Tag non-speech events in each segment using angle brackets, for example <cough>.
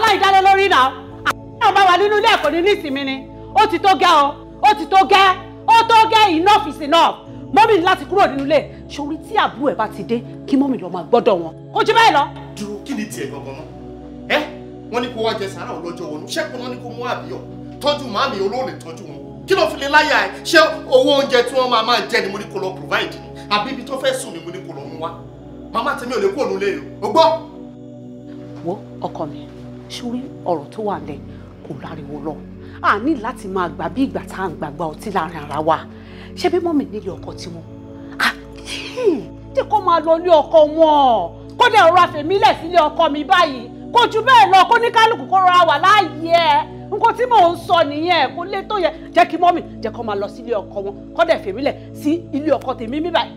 aláìdálé lórí náà àwọn ọmọ wa nínú ilé ẹ̀kọ́ ní nísìmí ni ó ti tó gẹ́ ọ ó ti tó gẹ́ ó tó gẹ́ enough is enough mọ́mì ní láti kúrò nínú ilé ṣòwò tí àbúrò ẹ̀ bá ti dé kí mọ́mì lọ máa gbọ́dọ̀ wọn kò jù bẹ́ẹ̀ lọ. dúró kí ni tiẹ̀ gangan náà ẹ wọ́n ní kó wá jẹ sàárà ọlọ́jọ́ wọnú ṣẹ́kùn náà ní kó mú àbíyọ̀ tọ́jú màmí olóòlè tọ́jú wọn kí ló fi lè láyà ẹ ṣé owó oúnjẹ tí wọ́n máa máa jẹ ni mo ní kó lọ provide ni àbí ibi tó fẹ́ sùn ni mo ní kó lọ mú wá màmá tèmi ò lè kó òun lé o gbọ́. wo ọkọ mi sórí ọ̀rọ̀ tó wà lẹ̀ kò láriwo lọ a ní láti máa gbà bí ìgbà tá à ń gbàgbà ọtí láàrin ara wa ṣé bí mọ́mì nílé ọkọ tiwọn tí kò máa lọ ní ọkọ wọn kódà ọ̀rọ̀ àfẹ̀mílẹ̀ sílé ọkọ mi báyìí kò jù bẹ́ẹ̀ lọ kó ní kálukú kó rọra wà láàyè ẹ̀ nǹkan tí mò ń sọ nìyẹn kó lé tó yẹ jẹ́ kí mọ́mì jẹ́ kó máa lọ sílé ọkọ wọn kódà àfẹ̀mílẹ̀ sí ilé ọkọ tèmi mi báyìí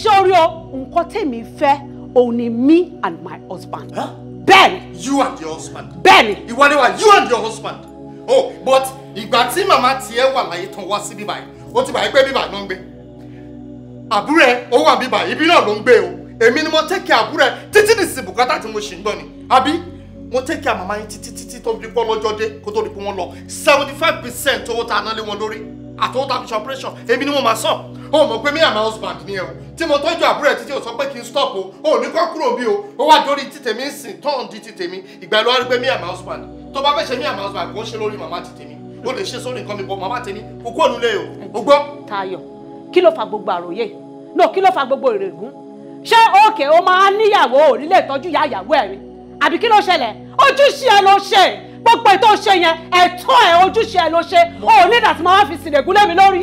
sórí o nǹkan tèmi fẹ́ òun ni me and my husband. Huh? bẹ́ẹ̀ni. you and your husband. bẹ́ẹ̀ni. ìwọ ni wa you and your husband. oh but ìgbà tí màmá tiẹ̀ wà láyé tán wá sí bíbá yìí ó ti bàyí pé bíbá ló ń gbé àbúrò ẹ ó wà bíbá ibi náà ló ń gbé o èmi ni mo tẹ́kẹ̀ àbúrò ẹ títí ní sí bùkátà tí mo ṣì ń gbọ́ ni àbí mo tẹ́kẹ̀ màmá yín títí títí tó fi pọ́ lọ́jọ́ dé kó tó di pé wọ́n lọ seventy five percent owó tá a ná lé wọn lórí àtọwọ́ta fi ṣe operation èmi ni mo máa sàn o mọ̀ pé mi àmà husband ni ẹ o tí mo tọ́jú àbúrò ẹ̀ títí o sọ pé kí n stop o ò ní kọ́ kúrò bí o ó wá dórí títèmi ń sìn tán di títèmi ìgbà ló wá rí pé mi àmà husband tó bá fẹ́ ṣe mi àmà husband kò ń ṣe lórí màmá títèmi o lè ṣe sórí nǹkan mi bọ màmá tèmi kò kú ònúlé o o gbọ́. Táyọ̀ kí ló fa gbogbo àròyé no kí ló fa gbogbo ìrègùn ṣé òkè o máa níyàwó ò nílé ìtọ́jú ìyá ìyàwó ẹ̀rin àbí kí ló ṣẹlẹ̀ ojúṣe ẹ ló ṣe gbogbo ètò ṣe yẹn ẹ̀tọ́ ẹ̀ ojúṣe ẹ̀ ló ṣe ó ní ìdàtí máa wá fi sílẹ̀ gúnlẹ̀ mi lórí.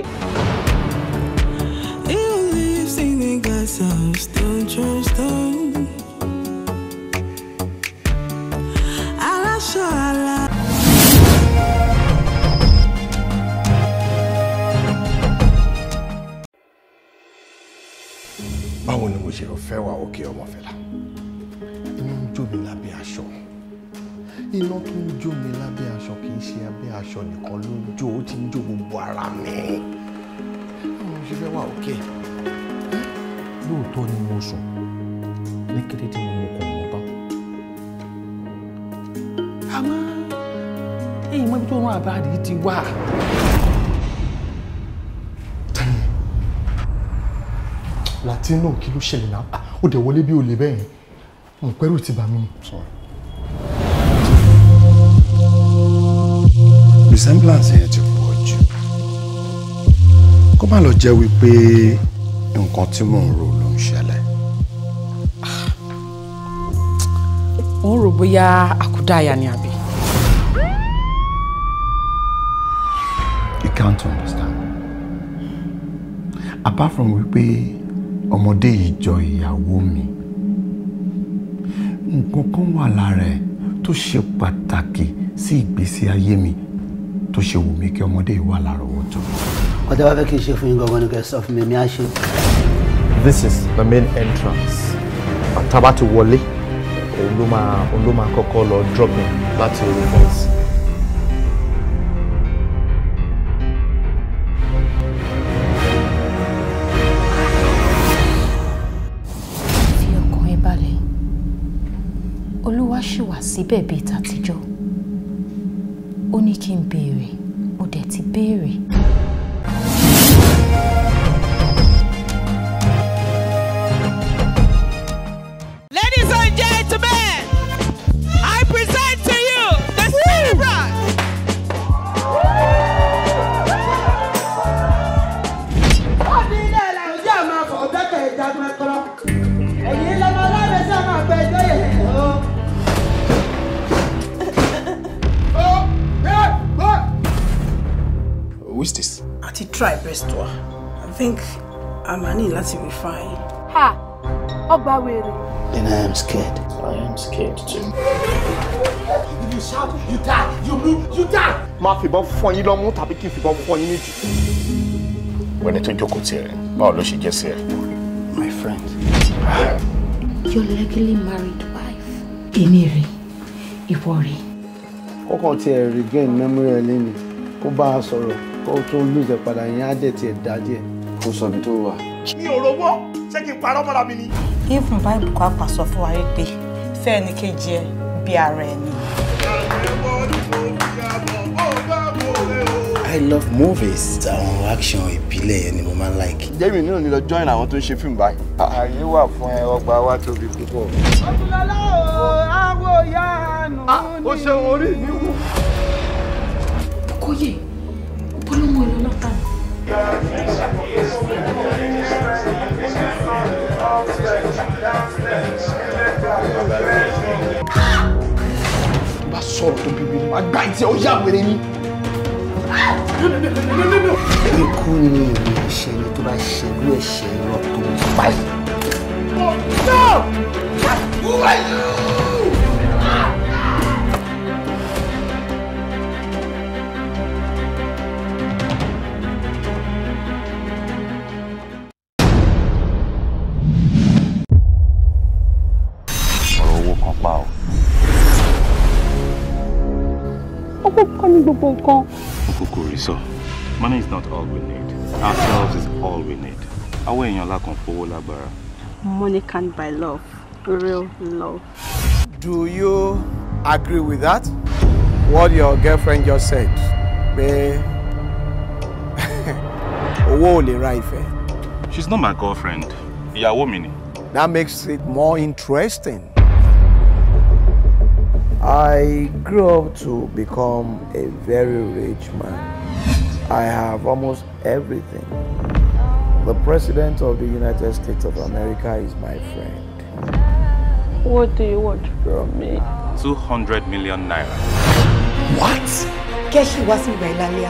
báwo ni mo ṣe fẹ́ wà òkè ọmọ fẹ́la inú ń jó mi lábẹ́ aṣọ bí iná tó ń jó mi lábẹ́ aṣọ kì í ṣe abẹ́ aṣọ nìkan ló ń jó ó ti ń jó gbogbo ara mi àwọn ṣe fẹ́ wà òkè lóòótọ́ ni mo sùn ní kété tí mo mú kàn mọ́ bá. àmọ́ ẹ̀yin mọ́bí tó rán àbáàdì ti wà. Latino kí ló ṣẹlẹ̀ náà ah, ó dẹ̀ wọlé bí olè bẹ́yìn mo pẹ́rù ti bà mí ni. resemblance yẹn ti pọ̀ jù kó má lọ jẹ́ wípé nǹkan tí mò ń rò ló ń ṣẹlẹ̀. ó ń rò bóyá àkúdàáyà ni àbí. you can't understand apart from wípé ọmọdé yìí jọ ìyàwó mi nǹkan kan wà lára ẹ̀ tó ṣe pàtàkì sí ìgbésí ayé mi tó ṣe wù mí kí ọmọdé yìí wà lárọ̀ọ́wọ́tó. ọ̀dà wa fẹ́ kí n ṣe fún yín gangan ni kẹ́ sọ fún mi ní àṣẹ. this is the main entrance tábà ti wọlé òun ló máa òun ló máa kọ́kọ́ lọ drop me láti orí fence. fi ọkàn olúwa ṣì wà síbẹ̀ bíi tàtijọ́ ó ní kí n béèrè mo dẹ̀ ti béèrè. think I might need be fine. Ha! Ọgbà wèrè. Then I am scared. I am scared too. you shout, you die. You move, you die. Máa fìbọn fún yín lọ́mú tàbí kí n fìbọn fún yín níjù. Wẹ́ni tó jókòó tiẹ̀, báwo ló ṣe jẹ́ sí ẹ? My friend. Your legally married wife. Iniri, rè, ìwọ rè. Kọ́kọ́ tiẹ̀ regain memory ẹ̀ lẹ́nu, kó sorrow. a to lose tó lùzẹ̀ padà yẹn á dẹ̀ tiẹ̀ dá díẹ̀ kó sọ ibi tó wà. mi ò rówó ṣé kí n parọ́ mọ́ra mi ni. even bible kọ́ àpà sọ fún wa wípé fẹ́ ẹni kejì ẹ bí ara ẹni. I love movies. Àwọn action ìbílẹ̀ yẹn ni mo máa ń like. Jẹ́mi náà ni lọ join àwọn tó ń ṣe fíìmù báyìí. Ààyè wà fún ẹ ọgbà wa tóbi púpọ̀. Olùlọ́lá o, àwọ̀ ìyá àánú ni. Ó ṣe orí mi wù. Kóyè, bọ́lá ìlú náà tàn bá sọ̀rọ̀ tó bíbí ni wàá gbá ìtì ẹ̀ ó yá wèrè ni. ikú ni ìwé ẹ̀ṣẹ̀ ni tó bá ṣe irú ẹ̀ṣẹ̀ irọ́ tó ń pa yìí. Oh, no! Who pa o. Owó kọ́ ni gbogbo nǹkan. Okoko Rizọ, money is not all we need. Ourselves is all we need. Àwọn èèyàn lákan fowó lágbára. Money can't buy love, real love. Do you agree with that? What your girlfriend just said pé <laughs> owó ò lè ra ìfẹ́. She's not my girlfriend. Ìyàwó mi ni. That makes it more interesting. I grew up to become a very rich man. I have almost everything. The President of the United States of America is my friend. What do you want from me? 200 million naira. What? Keshi wá sí ìgbà at àná.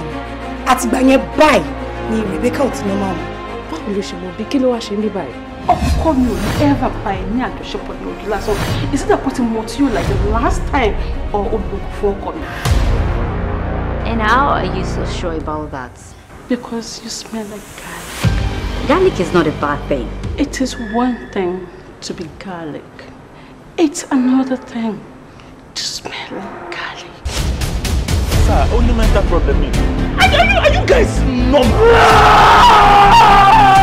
Àtìgbà ni Rebecca ò ti nọ́ máa mọ̀. Báwo ló ṣe mọ̀ bí kí ló wá ọkọ you ò ní ever gba ẹ ní àjọṣepọ̀ ní ojú So, is it a putting more to you like the last time or olùkọ́ fún ọkọ mi. And how are you so sure about that? Because you smell like garlic. Garlic is not a bad thing. It is one thing to be garlic. It's another thing to smell like garlic. Sir, only mental problem me. Are you, are you guys normal? Ah!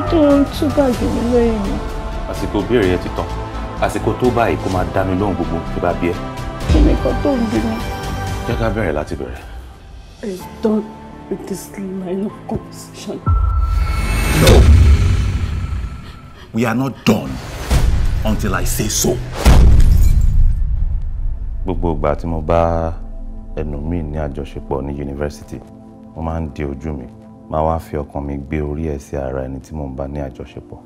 ló tó ń túbà jù mí lóyún mi. àsìkò ìbéèrè yẹn ti tán àsìkò tó báyìí kó máa dá mi lóhùn gbogbo tó bá bí ẹ. kí ni kan tó ń bí mi. jẹ́ ká bẹ̀rẹ̀ láti bẹ̀rẹ̀. I don't with this line of conversation. No, we are not done until I say so. gbogbo ìgbà tí mo bá ẹnu mi ní àjọṣepọ̀ ní yunifásitì mo máa ń di ojú mi máa wá fi ọkàn mi gbé orí ẹ̀ sí ara ẹni tí mò ń bá ní àjọṣepọ̀.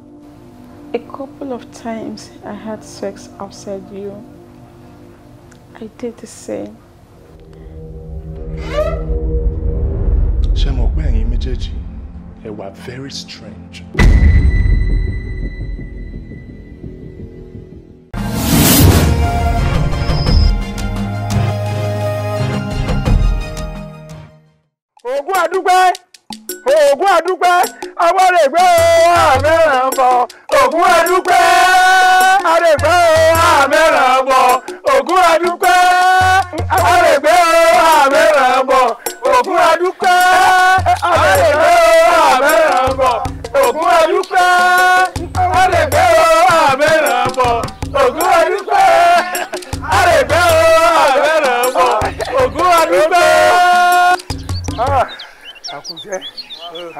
A couple of times I had sex outside you. I did the same. ṣe mọ̀ pé ẹ̀yin méjèèjì ẹ wà very strange. ògùn àdúgbò ògùn àdúpẹ́ awárègbè o àmẹ́ràn bọ̀ ògùn àdúpẹ́ àrègbè o àmẹ́ràn bọ̀ ògùn àdúpẹ́ àrègbè o àmẹ́ràn bọ̀ ògùn àdúpẹ́ àrègbè o àmẹ́ràn bọ̀ ògùn àdúpẹ́ àrègbè o àmẹ́ràn bọ̀ ògùn àdúpẹ́ àrègbè o àmẹ́ràn bọ̀ ògùn àdúpẹ́. Ah, àkùnjẹ́.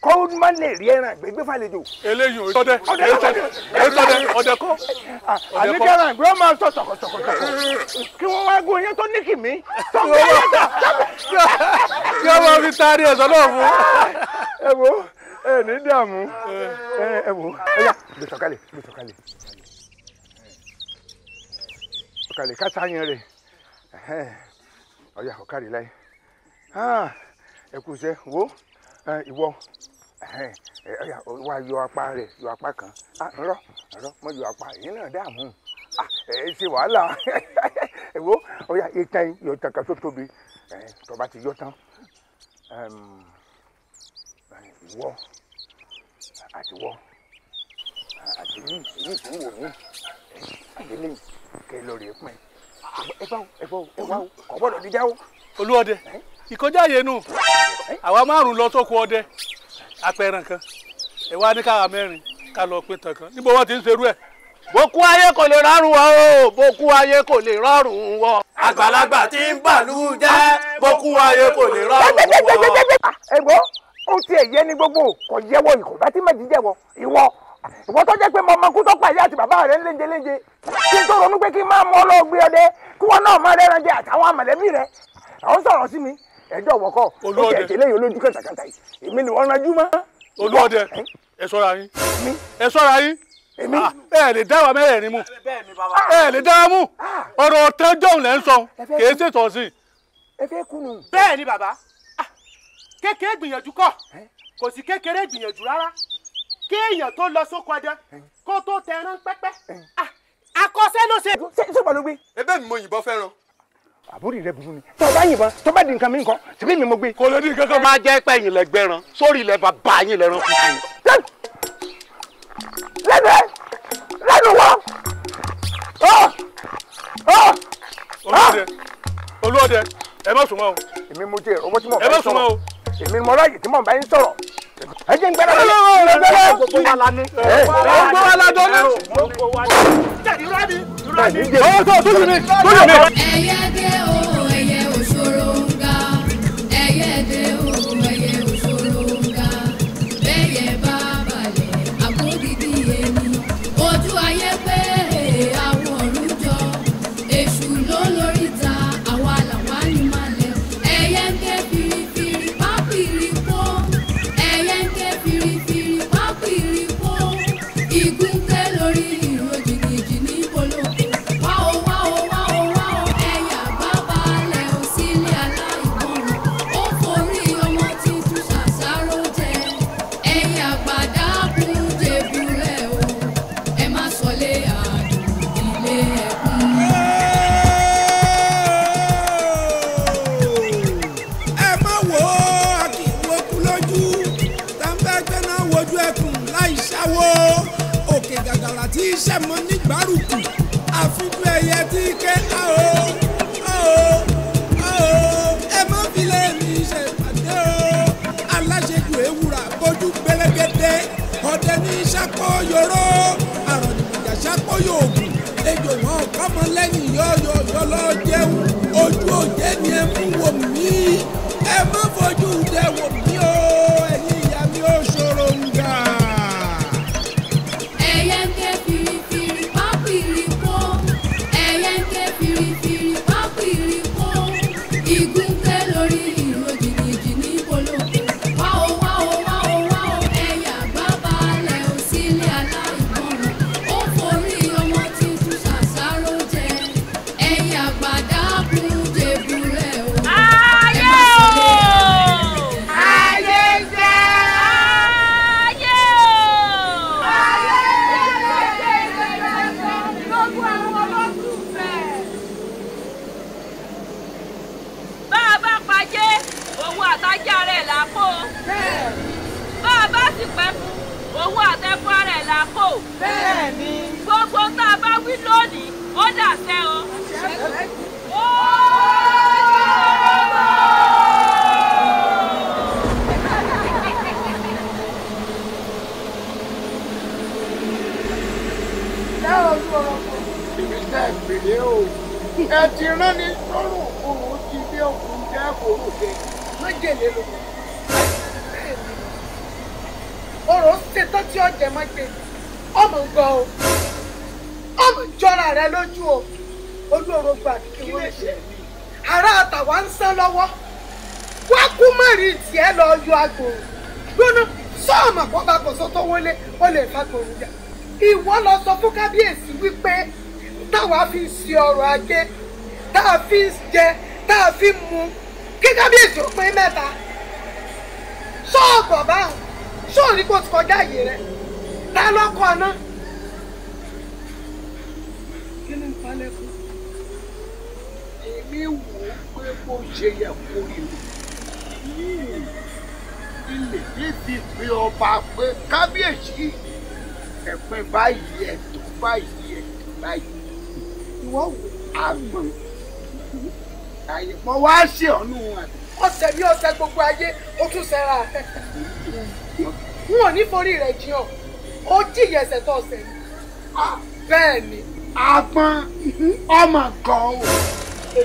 kọ́ má lè rí ẹran gbẹgbẹ́ fàlejò. eléyìí ò sọdẹ ọdẹ sọdẹ ọdẹ ọdẹ kọ. àní kẹran ìgbẹ́ máa sọ sọ̀kọ̀sọ̀kọ̀sọ̀kọ̀ kí wọ́n wá gún iyán tó ní kìmí. kí wọ́n máa fi taari ẹ̀sọ́ náà fún. <laughs> ẹ wo ẹ ní dààmú ẹ wo ẹ yà gbèsòkalè gbèsòkalè ọ̀kàlè kásáyẹn rẹ̀ ọ̀yà ọ̀kàlè láyé ẹ kù sẹ́ wo ìwọ wá yọ apá rẹ yọ apá kan rọ rọ mọ yọ apá èyí náà dààmú ẹ ṣe wàhálà <laughs> ẹwọ ọyà ìtàn yọ ìtàn kan tó tóbi tó bá ti yọ tán ìwọ àtiwọ àtìlí èyí tó ń wò mí àtìlí kẹ lọ rè pin ẹ bá ẹ bá ẹ wá kọ gbọ́dọ̀ dídá o. olúwọde. ìkọjáyé nù àwa márùn lọ sóko ọdẹ apẹran kan ẹwà ní káwa mẹ́rin ká lọ pín kan níbo wọn ti ń ẹ. bókú ayé kò lè rọrùn wọ o bókú ayé kò lè rọrùn wọ. àgbàlagbà tí ń bàlú jẹ́ bókú ayé kò lè rọrùn wọ. ẹ̀gbọ́n ó ti ẹ̀yẹ ní gbogbo kò yẹwọ ìkọ̀bá tí má jíjẹ wọ ìwọ ìwọ tó jẹ́ pé mo àti bàbá kí n tó ronú pé kí n máa mú ọdẹ kí wọn náà má àtàwọn àwọn sí mi ẹjọ́ wọ̀kọ́ ó kẹ̀ tẹ́lẹ̀ yìí olójú kàtàkàtà yìí èmi ni wọ́n rajú mọ́. olúọdẹ ẹ ṣọ́ra yín ẹ ṣọ́ra yín ah, ẹ lè dá wa mẹ́rẹ̀ẹ̀rin mu ẹ lè dá wa mú ah. ọ̀rọ̀ tẹ́jọ́hùn lẹ́ ń sọ kìí ṣètò sí i. ẹ fẹ́ kùnú. bẹ́ẹ̀ ni bàbá ah, kékeré gbìyànjú kọ́ kò sí kékeré gbìyànjú rárá kí èèyàn tó lọ sóko ọdẹ kó tó tẹran pẹ́pẹ́ àkọsẹ́ ló ṣe. ṣé ìṣèpàlógbé. ẹ bẹ́ẹ̀ ni mo yìnbọn fẹ́ràn àbúrò rẹ bùnú ni tó bá yìnbọn tó bá di nǹkan mi nǹkan síbí mi mo gbé. kò lè di nǹkan máa jẹ́ pé ẹ̀yìn lẹ gbẹ́ran sórí ilẹ̀ bàbá yín lẹ rán kúkú. lẹ́nu lẹ́nu wọ́n. olóde olóde ẹ má súnmọ́ o. èmi mo jẹ owó tí mo fẹ́ sọ̀rọ̀ èmi mo ráyè tí mo bá yín sọ̀rọ̀ ẹ jẹ́ ń gbẹ́rẹ́ lọ́wọ́ gbogbo wa la ní. gbogbo wa la dọ́ni. gbogbo wa la ní ọwọ́ tó tó yìí ní tó yìí ní. ẹ̀yẹ́ dé o ẹ̀yẹ́. kí ni nǹkan lẹ́kọ̀ọ́. èmi wò ó pé bó ṣe yẹ kó ìlú ilẹ̀ yìí ti fi ọba pé kábíyèsí ẹ̀pin báyìí ẹ̀tọ́ báyìí ẹ̀tọ́ báyìí ìwọ wò àgbọn àyẹ̀mọ́ wá ṣe ọ̀nù àti. ọ̀sẹ̀ bí ọ̀sẹ̀ gbogbo ayé ó tún sẹ́ra n ò ní forí rẹ̀ jiyàn ó jìyà tó ọ̀sẹ̀ ni ah, bẹ́ẹ̀ ni àpọn ọmọ kan o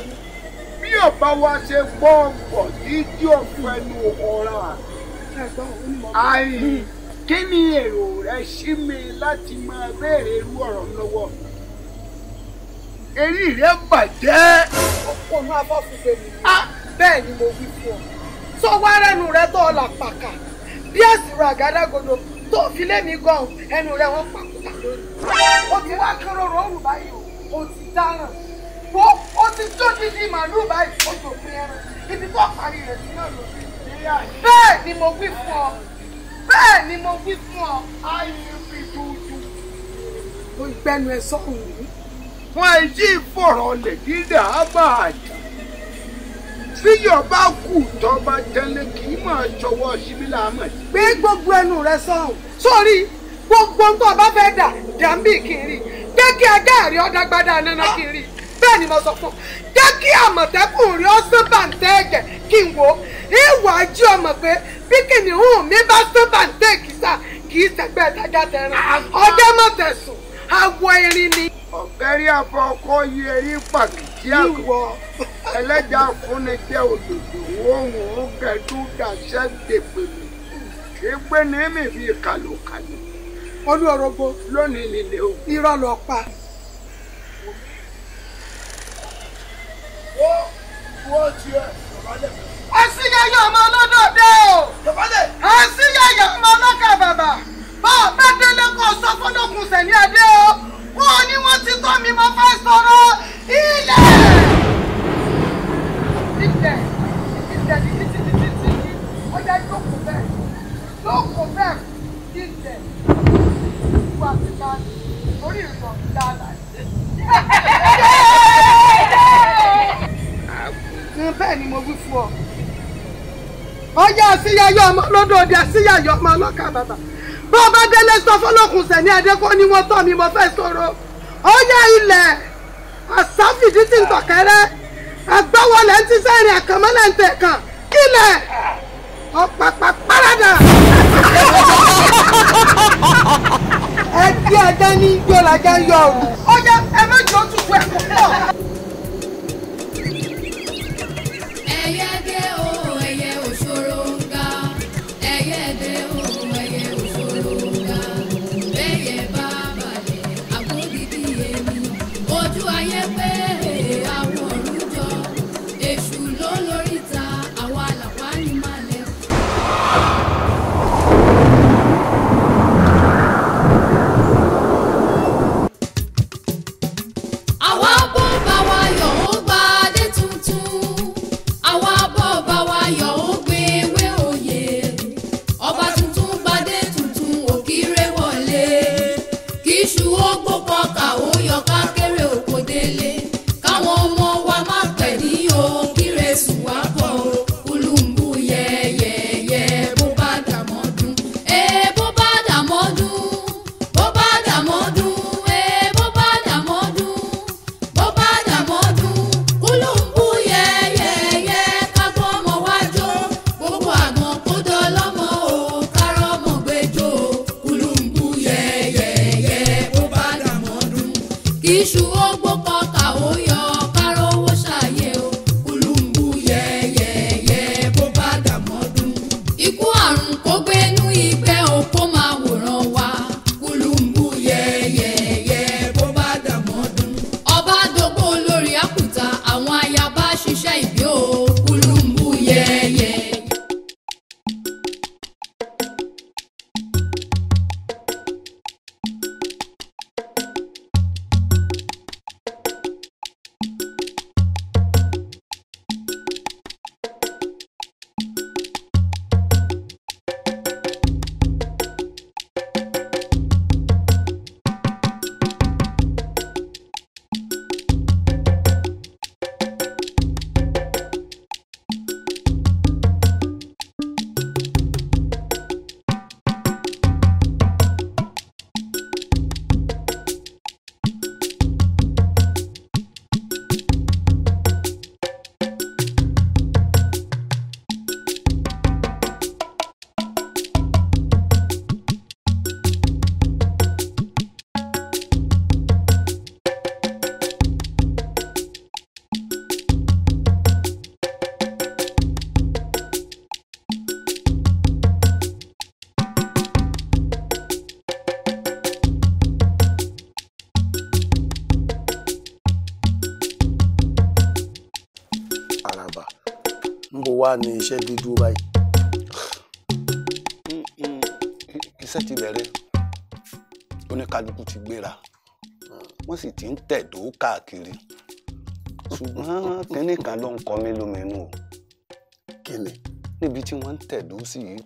bí ọba wa ṣe gbọ́ ọ̀pọ̀ dídí ọ̀pọ̀ ẹnu ọ̀ràn àìyí kí ni èrò rẹ sí mi láti máa béèrè irú ọ̀rọ̀ lọ́wọ́ eré rẹ bàjẹ́. ọ̀pọ̀nù abọ́fúnbe mi. bẹ́ẹ̀ ni mo wí fún ọ sọ wá rẹ́nu rẹ tó ọ là pàkà bí àsìrò àgádágodo tó fi lé mi gan ẹnu rẹ wọn pàkúta lórí o ti wá kán rọrùn ọrùn báyìí o o ti dáràn wo o ti tó dídí màálù báyìí o tó pin ẹran ibi tó parí rẹ sí náà ló fi bẹ́ẹ̀ ni mo wí fún ọ bẹ́ẹ̀ ni mo wí fún ọ ayé dúdú o gbẹnu ẹ sọkùnrin wọn èyí ìfọ̀rọ̀ lè dídà bàjẹ́ bíyọ̀ bá kù tó bá tẹ́lẹ̀ kì í máa ṣọwọ́ síbílà mọ̀. gbé gbogbo ẹnu rẹ sọhùn sórí gbogbo nǹkan bá fẹ́ dà dàmbì kiri jẹ́ kí ajá rí ọ́ dágbádá kiri bẹ́ẹ̀ ni mo sọ fún jẹ́ kí àmọ̀tẹ́kùn rí ọ́ sí bàǹtẹ́ ẹ̀jẹ̀ kí n wò ìwà ají ọmọ pé bí kìnìún mi bá sí bàǹtẹ́ ìkísà kì í sẹ́gbẹ́ ìdájà tẹran ọjọ́ mọ̀tẹ̀sùn àwọ̀ erin ni. ọ̀gẹ́rì àbọ̀ ọkọ yẹ erin pàkì sí àwọ̀ ẹlẹ́jà fúnni jẹ́ òdòdó ohun ọ̀gẹ̀dú dàṣẹ́ dèpèmí ìgbé ní mi fi kàlùkàlù. olú orogbo lónìí nílé o. irọ́ ló pa. wo wo tiẹ̀ tọ́balẹ̀ mi àṣìyàyà ọmọ ọlọ́dọ̀ dé o. àṣìyàyà ọmọ ọlọ́kà bàbá bá a bá délé kó o sọ fọlọ́kùn ní adé o wọn ò ní wọ́n ti tó mi mo fẹ́ sọ̀rọ̀ ilẹ̀. ilẹ̀ ilẹ̀ ní títí títí tí ó yẹ jókòó bẹ́ẹ̀ jókòó bẹ́ẹ̀ ilẹ̀ ìwà ti bá orí ìrọ̀ dáadáa. bẹ́ẹ̀ ni mo wí fún ọ. ọyá síyáyọ ọmọ lọ́dọ̀ ọdẹ síyáyọ ọmọ ọlọ́kà bàbà bó o bá délé sọ fọlọ́kùn sẹ̀ní adékọ́ ni wọ́n tọ́ mi mo fẹ́ sọ̀rọ̀ ó yẹ ilẹ̀ àsáfìdí ti ń tọ̀kẹ́rẹ́ àgbáwọlẹ̀ ń ti sẹ́rìn àkànmọ́lẹ̀ ń tẹ̀ kàn kílẹ̀ ọ̀pàpà párádà. ẹ bí ajá ní yọ̀lá ajá yọ̀ ọ̀rùn. ó yẹ ẹ méjì ó tutù ẹ̀kọ́ pọ̀. ni iṣẹ́ dúdú báyìí. iṣẹ́ ti bẹ̀rẹ̀ oníkálukú ti gbéra wọ́n sì ti ń tẹ̀dó káàkiri ṣùgbọ́n kínní kan ló ń kọ mí lóminú o. kínní. níbi tí wọ́n ń tẹ̀dó sí yìí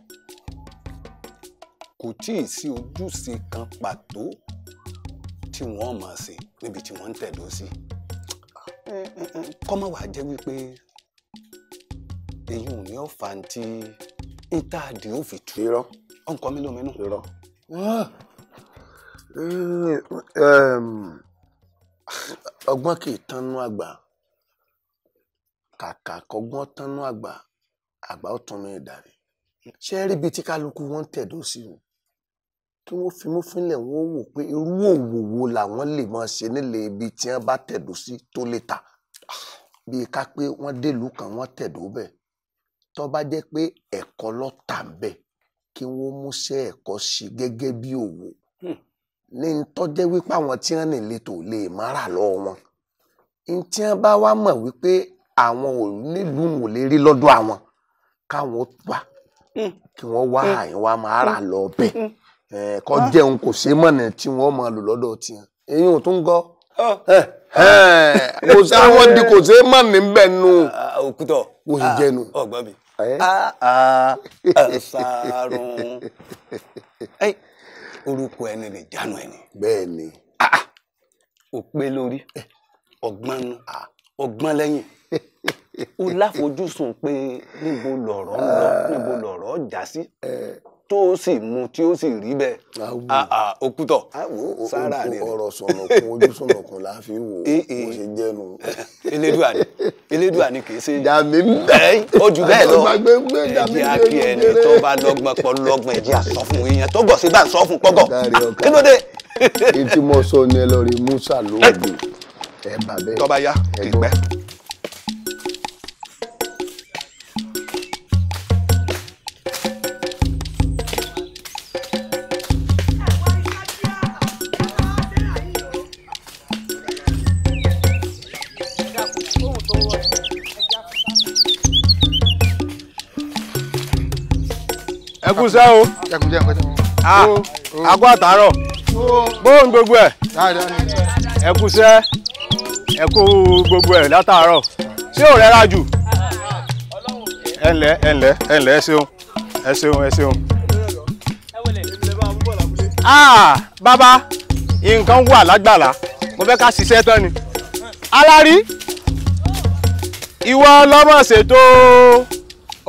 kò tíì sí ojúṣe kan pàtó tí wọ́n máa ṣe níbi tí wọ́n ń tẹ̀dó sí. kọ́mọ jẹ́ wípé èyí ò ní ọ̀fà ntí ìtàdí ò fi tu. irọ́ ọ̀nkọ mi ló mẹ́nu. irọ́ ah! eh, ọgbọ́n kì í tánú àgbà kàkà kọgbọ́n tánú àgbà àgbà ó tún mi dàrí ṣé rí ibi tí kálukú wọn tẹ̀dó sí o kí wọ́n fi mú fínlẹ̀ wọ́n wò pé irú òwò wo làwọn lè máa ṣe nílé ibi tí wọ́n bá tẹ̀dó sí tó lè tà bíi ká pé wọ́n délùú kan wọ́n tẹ̀dó bẹ́ẹ̀ tó bá jẹ́ pé ẹ̀kọ́ ló tà ń bẹ̀ kí wọ́n múṣẹ́ ẹ̀kọ́ sí gẹ́gẹ́ bí òwò hmm. ní tọ́jẹ́ wípé àwọn tí wọ́n nílé tó lè má rà lọ́wọ́ wọn ntí wọ́n bá wá mọ̀ wípé àwọn ò nílùú ò lè rí lọ́dọ̀ àwọn káwọn wá hmm. kí wọ́n wá hmm. àyìn wá máa rà lọ bẹ̀ kọ́ jẹun kò ṣe mọ̀nà tí wọ́n máa lò lọ́dọ̀ tiwọn èyí ò tún gọ́ oh. kò sáwọn di kò ṣe mọ̀nà ń bẹ̀ nù kò sì jẹnu ẹ̀sàrùn <laughs> orúkọ ẹni lè jánu ẹni. bẹ́ẹ̀ni. òpè lórí ọgbọ́n nu ọgbọ́n lẹ́yìn <laughs> ó láfojúsùn pé níbo lọ̀rọ̀ ń lọ ah. níbo lọ̀rọ̀ tó o sì mu tí o sì rí bẹ́ẹ̀ okútọ̀. Ah, ah, àwọ̀ ọ̀rọ̀ sọ̀nàkun ojú sọ̀nàkun la fi wò eh, eh. ó mo ṣe jẹ́nu. <laughs> elédùà ni elédùà ni kì í ṣe. jàmí bẹ́ẹ̀ ó jù bẹ́ẹ̀ lọ ẹ̀jẹ̀ akí ẹni tó bá lọ́gbọ́n pọ̀ lọ́gbọ́n ẹ̀jẹ̀ àsọ fún èèyàn tó gọ̀ sí bá ń sọ fún pọ́gọ̀ kí ló sọ ni ẹ lọ rí musa lóògùn ẹ bàbá ẹ tọ́ba ya kì kú sẹ́ o. àgọ́ ah, oh, oh. àtàárọ̀ oh. bóun gbogbo ẹ̀ ẹ kú sẹ́ ẹ kú gbogbo ẹ̀ látàárọ̀ ṣé ò rẹ́ra jù. ẹ ǹlẹ́ ẹ ǹlẹ́ ẹ ǹlẹ́ ẹ ṣeun ẹ ṣeun ẹ ṣeun. Ah, bàbá nǹkan wà lágbàlá mo fẹ́ ká ṣiṣẹ́ tán ni. alárí ìwọ lọ́mọ̀ ṣètò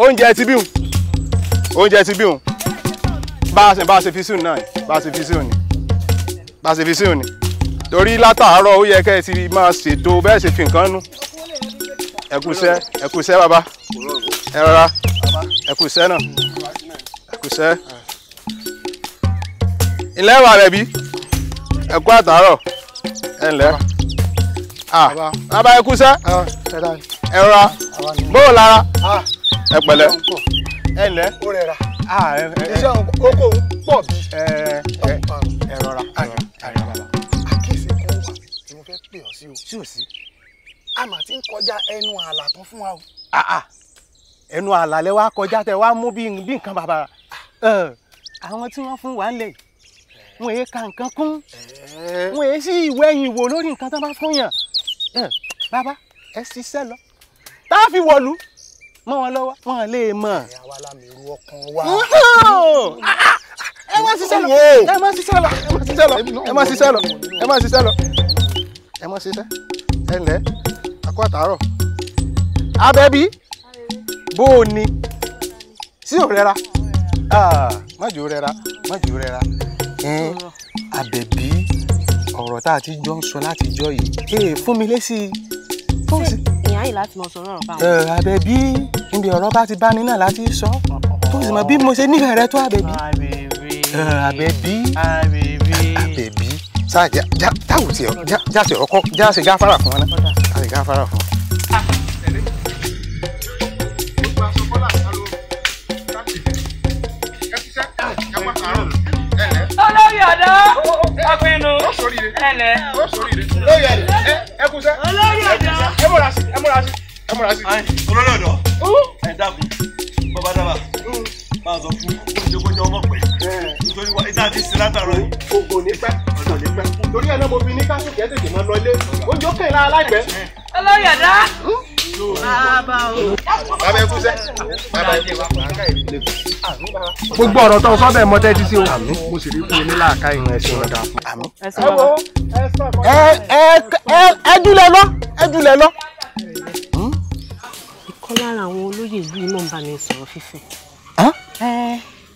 oúnjẹ ti oúnjẹ ti bí òun bá a ṣe fi sí náà bá a ṣe fi sí ni bá a ṣe fi sí ni torí látàárọ̀ ó yẹ kẹ́ ẹ ti máa ṣètò bẹ́ẹ̀ ṣe fi nǹkan nú ẹkùsẹ́ ẹkùsẹ́ bàbá ẹ rọra ẹkùsẹ́ náà ẹkùsẹ́ ilẹ̀ wà rẹ̀ bí ẹkú àtàárọ̀ ẹ ǹlẹ́ bàbá ẹkùsẹ́ ẹ rọra bóò lára ẹ pẹ̀lẹ́ ẹ ǹlẹ́. ó rẹ̀ ra iṣẹ́ oko ń pọ̀ bí. ẹ rọra àkíyèsí kan wà tí mo fẹ́ pè ọ́ sí o. sí o sí. a mà ti ń kọjá ẹnu ààlà tán fún wa o. ẹnu ààlà lẹ wá kọjá tẹ wá mú bí nǹkan bàbàrà àwọn tí wọ́n fún wa ń lẹ̀ wọn èé ka nǹkan kún wọn èé sí ìwé ẹ̀yìn wò lórí nǹkan tó bá fún yàn bàbá ẹ ṣiṣẹ́ lọ tá a fi wọ̀lú mọ́ wọn lọ́wọ́ wọn lè mọ̀. àwa lámì irú ọkàn wa. ẹ má ṣiṣẹ́ lọ ẹ má ṣiṣẹ́ lọ ẹ má ṣiṣẹ́ lọ ẹ má ṣiṣẹ́ lọ ẹ má ṣiṣẹ́ ẹ ǹlẹ́ akọ àtàárọ̀ abẹ́bí bó sí òrẹ́ra má jò rẹ́ra má jò rẹ́ra abẹ́bí ọ̀rọ̀ tá a ti jọ ń sọ láti jọ yìí fún mi lésì ṣé ìyá yìí láti mọ sọ̀rọ̀ ọ̀rọ̀ báwọn. ẹ àbẹ̀bí níbi ọ̀rọ̀ bá ti bá ní náà láti sọ tó sì mọ bí mo ṣe nífẹ̀ẹ́ rẹ tó àbẹ̀bí. àbẹ̀bí àbẹ̀bí sáà jáàsì ọkọ jáàsì gáfárà fún ọ náà jáàsì gáfárà fún ọ. ọ̀dọ́ ọ̀pinnu ẹ̀lẹ́. olórí ẹ̀lẹ́ ẹ kú sẹ́. olórí ọ̀dọ́ ẹ múra sí ẹ múra sí ẹ múra sí. olórí ọ̀dọ́ ẹ dàbí bàbá dàbà máa sọ fún oúnjẹkóúnjẹ ọmọ pẹ eh. nítorí wa iná àti sinátàrọ yìí. ògò ní pẹ́ ọ̀dọ̀ ní pẹ́ torí ẹ̀ náà mo fi ní kásìkì ẹ̀ tètè máa lọ ilé oúnjẹ ó kẹ́yìn lára láìpẹ́. olórí ọ̀dọ́ bàbá ẹ kúṣẹ́ bàbá ẹ kúṣẹ́. gbogbo ọ̀rọ̀ tó sọ́bẹ̀ mọ́ tẹ́tí sí o. àmì mo sì rí kúrò nílà ká ìrìn ẹ̀sìn ọ̀dà fún. àmì ẹ wo ẹ dúlẹ̀ lọ ẹ dúlẹ̀ lọ. Hmm? ìkọ́ lára àwọn olóyè ìlú iná ń bá mi sọ̀rọ̀ fífẹ́.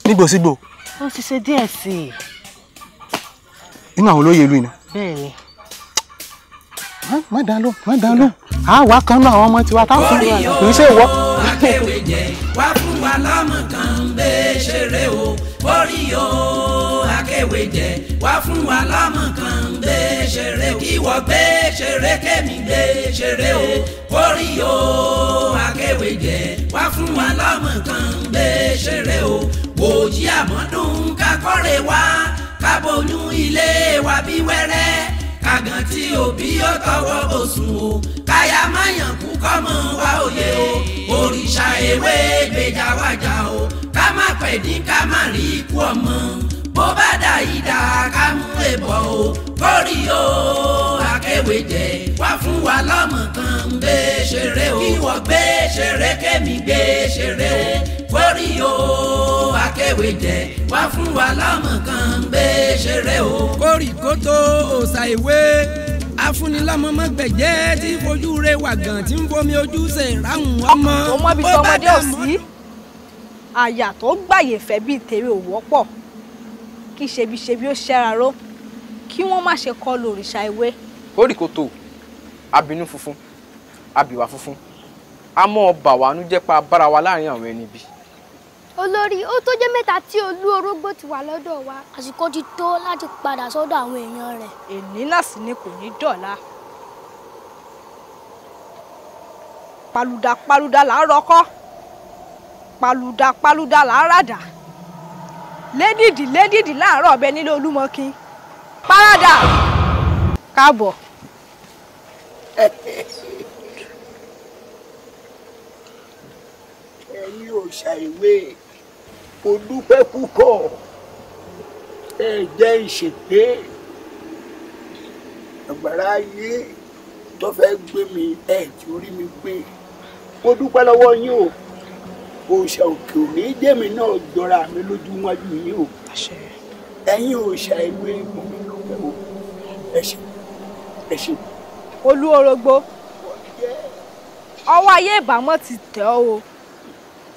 nígbòsígbò. wọ́n ti ṣe díẹ̀ sí i. inú àwọn olóyè ìlú iná. bẹ́ẹ̀ ni má dá ló má dá ló a wá kan náà àwọn ọmọ tiwa tá fún wa kì í ṣe ìwọ. kéwé wá fún wa lọ́mọ kan bẹ́ ṣeré o borí o akéwé wá fún wa lọ́mọ kan bẹ́ ẹ ṣeré kí wọ́n gbé ṣeré kémi gbé ṣeré o borí o akéwé wá fún wa lọ́mọ kan bẹ́ ṣeré o wòjí àmọ́dún kakọ́rẹ́ wa kábọ̀ọ́nù ilé wa bí wẹ́rẹ́ àgàn tí òbí ọ̀tọ̀wọ́ kò sùn o káyà máyàn kú kọ́mọ wa òye o òrìṣà ewé gbèjà wájà o ká má pẹ̀dín ká má rí ikú ọmọ bó bá dà ìdá ká mú èbọ̀ o kórì o akéwé jẹ wá fún wa lọ́mọ kan gbé ṣeré o kí wọ́n gbé ṣeré kémi gbé ṣeré o orí o akéwì jẹ wá fún wa lámọ̀ kan bẹ́ ṣeré o. kórì kó tó òòsà ìwé afúnilámọ́mọ́gbẹ̀jẹ́ tí fojú rẹ̀ wà gàn tí ń fomi ojú ṣe ráhùn ọmọ. kò mọ ibi tí ọmọdé ò sí àyà tó gbàyè fẹ́ bíi tèrè ò wọ́pọ̀ kí ṣebíṣebí ó ṣẹ́ra ró kí wọ́n má ṣe kọlu òrìṣà ìwé. kórì abinú funfun abìwà funfun a mọ̀ ọ́ bà wá nú pa bara wa láàrin àwọn ẹni bíi olórí ó tó jẹ́ mẹ́ta tí olú orógbó ti wà lọ́dọ̀ wa. àsìkò ti tó láti padà sọ́dọ̀ àwọn èèyàn rẹ̀. èní náà sì ni kò ní dọ̀la. paluda paluda là ń rọkọ́ paluda paluda là ń ràdà lédìdì lédìdì láàárọ̀ ọbẹ̀ nílé olúmọkin parada káàbọ̀. ẹ̀yin ò ṣàìwé mo dúpẹ́ púpọ̀ ẹ jẹ́ ìṣègbè àgbàrá ayé tó fẹ́ gbé mi ẹ tí orí mi gbé mo dúpẹ́ lọ́wọ́ yín o òòṣà òkè òní jẹ́mi náà jọra mi lójú wájú yín o ẹ̀yin òòṣà ìwé ìgbọ̀nmi lọ́pẹ́ o ẹ ṣe ẹ ṣe. olú orogbo ọwọ́ ayé ìbámọ́ ti tẹ̀ ọ́ o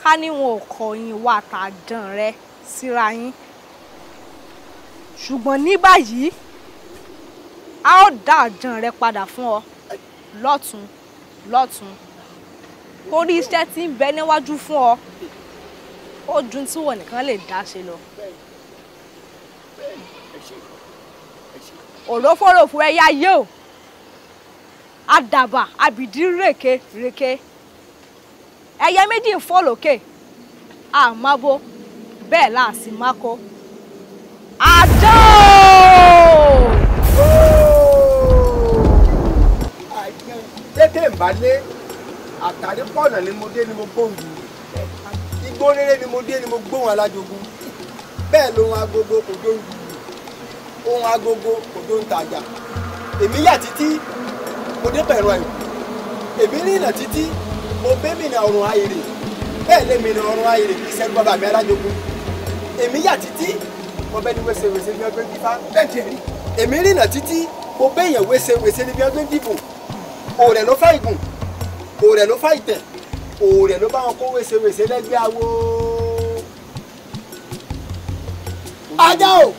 ká ní wọn ò kọ̀yìn wà tàdán rẹ síra yín ṣùgbọ́n ní báyìí a ó dá àdán rẹ padà fún ọ lọ́tún lọ́tún torí iṣẹ́ tí ń bẹ níwájú fún ọ ó dùn tí wọn nìkan lè dá ṣe lọ. òrófòròfò ẹ̀yà yóò àdàbà àbìdí rèké rèké ẹyẹ méjì ń fọ́ lókè àmábó bẹ́ẹ̀ láà sì má kó àjọ. tètè ń bá lé àtàrí pọ̀nà ni mo dé ni mo gbóhùn igbó rere ni mo dé ni mo gbóhùn alájogun bẹ́ẹ̀ lohun agogo kò dóhùn ohun agogo kò dóhùn tàjà èmi yà títí mo dé pẹ̀rọ ẹ̀wù èmi ní ìnà títí òbẹ́ mi ní ọrùn ayèrè bẹ́ẹ̀ lé mi ní ọrùn ayèrè kì í sẹ́nu bàbá mi èmi yà títí mo bẹ́ẹ̀ ni wẹ́sẹ̀wẹ́sẹ̀ ní ọgbẹ́ fífa bẹ́ẹ̀ tiẹ̀ rí èmi rìnà títí mo bẹ́ẹ̀ yẹn wẹ́sẹ̀wẹ́sẹ̀ ní ọgbẹ́ fífò òòrẹ̀ ló fà ìgùn òòrẹ̀ ló fà ìtẹ̀ òòrẹ̀ ló bá wọn kó wẹ́sẹ̀wẹ́sẹ̀ lẹ́gbẹ́ awo. ajá o.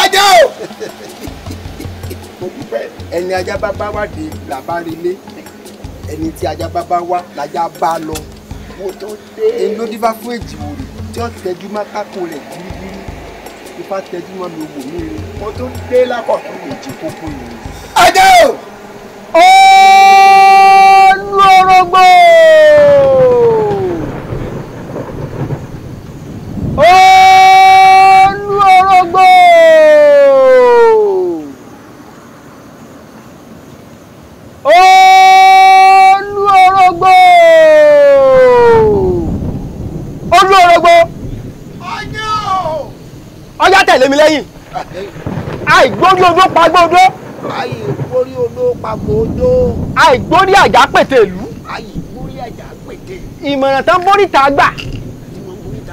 ajá o. <laughs> tó kú bẹ́ẹ̀ ẹni ajá bá bá làbá relé ẹni tí ajá bá bá bá lọ mo tó dé èyí ló dífá fún rè tí ó tẹjú má kákó rẹ̀ gírígírí ifá tẹjú mọ́ mi wò mí rè mo tó dé lákọ̀tún èjì kókó rè. ajá o olórogbo. Oh! lẹ́yìn àìgbórí odó pagbó odó. àìgbórí odó pagbó odó. àìgbórí àjà pété ìlú. àìgbórí àjà pété. ìmọ̀ràn tán bórí ta gbà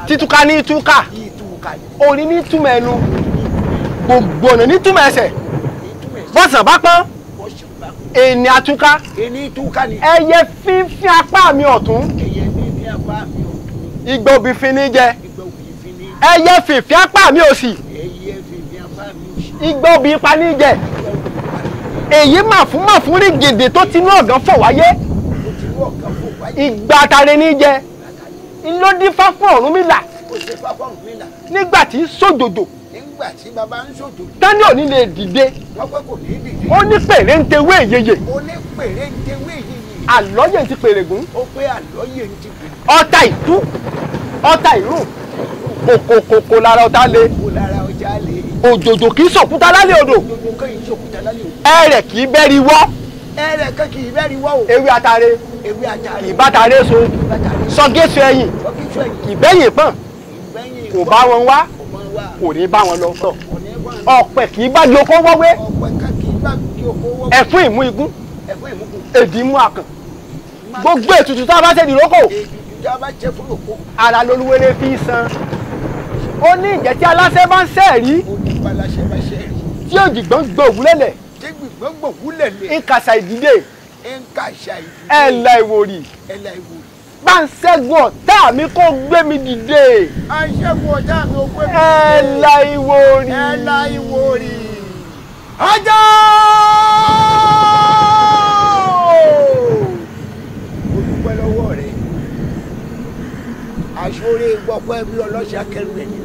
títúka ní túkà orí ní túmọ̀ ẹnu gbogbo ọ̀nà ní túmọ̀ ẹsẹ̀ bọ́sàn bá pọ́n ènì àtúká ẹyẹ fínfín apá mi ọ̀tún ìgbà òbí fin ní jẹ ẹyẹ fínfín apá mi òsì igbá obì ipa ní jẹ èyí mà fún mà fún rí gèdè tó tinú ọ̀gán fọ̀ wáyé ìgbà àtàrẹ ní jẹ ló dín fá fún Ọ̀rúnmìlà nígbà tí sójòjò nígbà tí baba ń sòjò. tani ò ní lè dìde. wọ́n pẹ́ kò ní dìde. ó ní pèrè ń tewé yeye. ó ní pèrè ń tewé yeye. ti pèrè gún. ó ìtú ọta ìrù kòkòkòkò lára ọta le òjòjò kì í ṣòkúta lálẹ́ odò ẹ̀rẹ̀ kì í bẹ́rí wọ́ ẹ̀rẹ̀ kan kì í bẹ́rí wọ́ o so sọgẹ́sọ ẹ̀yìn ìbẹ́yìn pọ̀n kò bá wọn wá kò ní bá wọn lọ sọ ọ̀pẹ̀ kì í bá di okó wọ́wé ẹ̀fún ìmú igún èdè ìmú akàn gbogbo ètùtù tá a bá ṣe dìrókò ara fi san ó ní ìjẹ́ tí aláṣẹ bá ń sẹ́ẹ̀rí tí òjì gbọ̀ngbọ̀ òwúlẹ̀lẹ̀ ìkàṣà ìdílé ẹ̀là ìwòrì bá ń ṣẹ́gun ọ̀tá mi kó gbé mi dìde ẹ̀là ìwòrì ẹ̀là ìwòrì ajá. olùpẹ́ lọ́wọ́ rẹ̀ kẹrù ẹ̀yìn.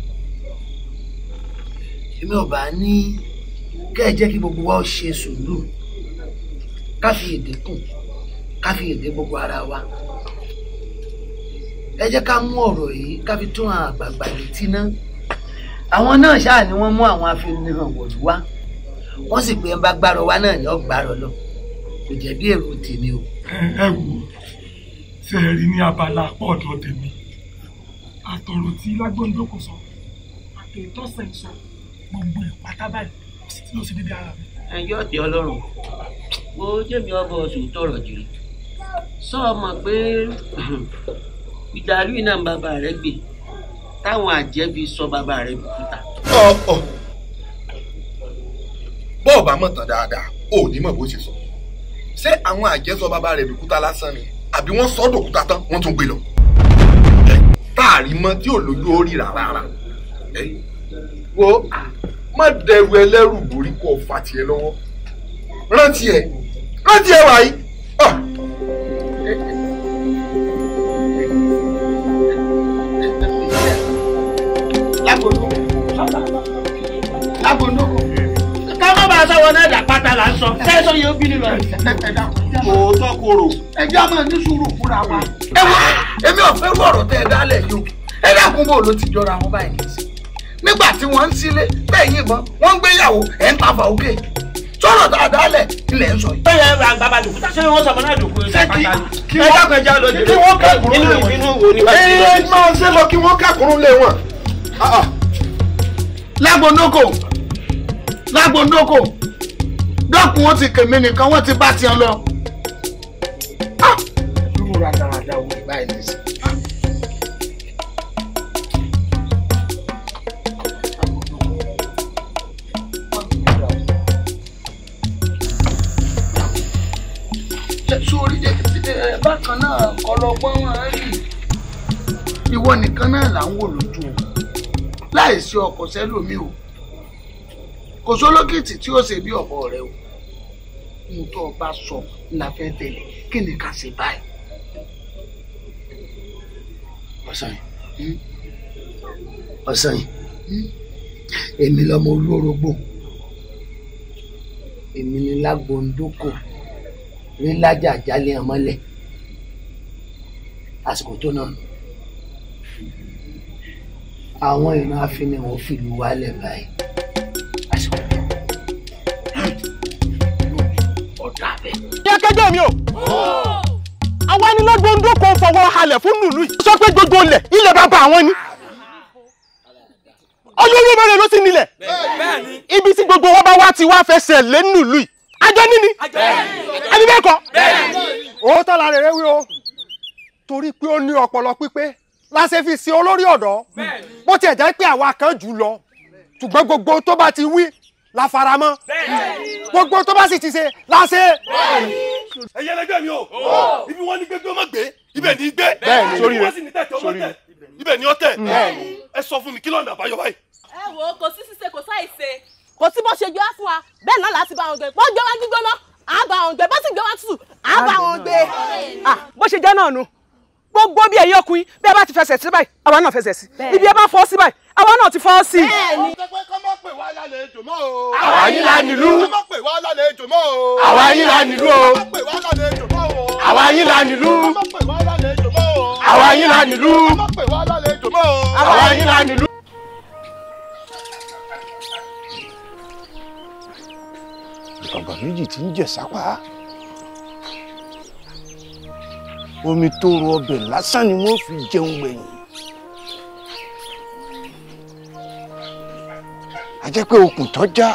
èmi ò bá ní kẹ́ ẹ jẹ́ kí gbogbo wa ó ṣe sùúrù ká fi èdè kù ká fi èdè gbogbo ara wa ẹ jẹ́ ká mú ọ̀rọ̀ yìí ká fi tún àwọn àgbààgbà létí ná àwọn náà ṣáà ni wọ́n mú àwọn afẹnihàn wọ̀lú wá wọ́n sì pé ń bá gbárọ̀ wá náà ni ó gbárọ̀ lọ kò jẹ̀bi èrò tèmi o. ẹ wo ṣe é rí ní abala pọ̀ọ̀dọ̀ tèmi àtọ̀rọ̀ tí lágbóńdó àtẹ̀tọ́sẹ̀ sọ gbogbo ìpátá báyìí ló sì dídí ara mi. ẹyọ ọtí Ọlọ́run wo jẹmi ọbọ oṣù tọrọ jìrì sọ ọmọ pé <clears throat> ìdàrú iná bàbá rẹ gbè táwọn àjẹbí sọ bàbá rẹ bùkúta. bọ́ọ̀ bá mọ̀ tán dáadáa ò ní mọ̀ bó ṣe sọ ṣé àwọn àjẹsọ bàbá rẹ bùkúta lásán ni àbí wọ́n sọ dòkúta tán wọ́n tún gbé lọ táàrí mọ́ tí ò lójú ó rí rárá wo má dẹrù ẹlẹ́rù borí kó o fa tiẹ̀ lọ́wọ́ rántí ẹ rántí ẹ wàyí. Ah! lágbóńdókò ká má bàa sọ wọn náà dà pátá là ń sọ sẹ́sọ yóò bí nílò ẹ̀. òótọ́ korò. ẹjẹ́ a máa ní sùúrù fúnra wa. ẹ wá èmi ò fẹ́ wọ̀rọ̀ tẹ́ ẹ dálẹ̀ yìí o ẹ dákun bò ló ti jọra wọn báyìí nígbà tí wọ́n ń sílé bẹ́ẹ̀ yìnbọn wọ́n ń gbéyàwó ẹ̀ ń tafà òkè sọ̀rọ̀ dáadáa lẹ̀ ilẹ̀ ń sọ yìí. bẹ́ẹ̀ yẹn àgbàbà lòkú ṣé wọ́n sọ̀rọ̀ náà lòkú ṣe pàtàkì. kí wọ́n kẹ́jà lọ jẹ́ kí wọ́n kẹ́kùrú lé wọn. inú wo ni wọ́n ti lọ. ẹ máa ṣe lọ kí wọ́n kẹ́kùrú lé wọn. Ah, ah. lágbóńdókò lágbóńdókò dọ́kun ó ti kèmí nìkan wọ́n ti bá tiẹ̀ lọ. Ah. irú ra dáadáa wo ni báyìí ní sí. bákan náà kọlọgbọ́n máa ń rì ìwọ nìkan náà là ń wò lójú o láìsí ọkọ̀ sẹ́lòmí o kò sólókìtì tí ó ṣe bí ọ̀bọ rẹ o ohun tó o bá sọ la fẹ́ tẹ̀lé kí ni ká ṣe báyìí. ọ̀sán yìí hmm? ọ̀sán yìí hmm? èmi lọmọ olórogbo èmi ni lágbóńdókò rí lájà jálẹ̀ ọmọlẹ̀ àsìkò tó náà àwọn ìran afiniwọ̀n fìlú wálẹ̀ báyìí àsìkò tó ọ̀dà bẹ́ẹ̀. ìyá kẹjọ mi o àwa ni lọ́gbọ̀ndọ́ kan fọwọ́ halẹ̀ fún lùlù yìí sọ pé gbogbo ilẹ̀ ilẹ̀ bàbá àwọn ni olórí mẹ́rin ló sì nílẹ̀ ibi tí gbogbo wọn bá wá ti wá fẹsẹ̀ lé nílùú yìí ajọ́ níní àbí bẹ́ẹ̀ kọ́ òótọ́ la rẹ̀ rẹ́ wí o torí pé ó ní ọpọlọ pípé la fi ṣe olórí ọ̀dọ́ bó tiẹ̀ jẹ́ pé àwa kan jù lọ ṣùgbọ́n gbogbo tó bá ti wí la fara mọ́ gbogbo tó bá sì ti ṣe la ẹyẹ lẹgbẹ mi o ibi wọn ní gbẹgbẹ ọmọ gbé ibẹ̀ ní gbé sórí rẹ sórí rẹ ibẹ̀ ní ọtẹ ẹ sọ fún mi kí lọ́nà àbáyọ báyìí. ẹ wo kò sí ṣíṣe kò sáì ṣe kò sí bó ṣe jọ á fún wa bẹ́ẹ̀ náà láti bá wọn gbé bó jọ wá gbígbóná àá bá wọn gbé bó sì gbé wá tútù àá bá wọn gbé ah, bó ṣe jẹ́ náà nu gbogbo bí ẹ̀yin ọkùnrin bí ẹ bá ti fẹsẹ̀ sí báyìí àwa náà fẹsẹ̀ sí ibi ẹ bá fọ́ sí báyìí àwa náà ti fọ́ sí. bẹ́ẹ̀ni. àwa yìí la nílùú. àwa yìí la nílùú o. àwa yìí la nílùú. àwa yìí la nílùú. àwa yìí la nílùú. méjì tí ń jẹ sápá. omi tó ro ọbẹ̀ lásán ni wọ́n fi jẹun gbẹ̀yìn. a jẹ́ pé okùn tó já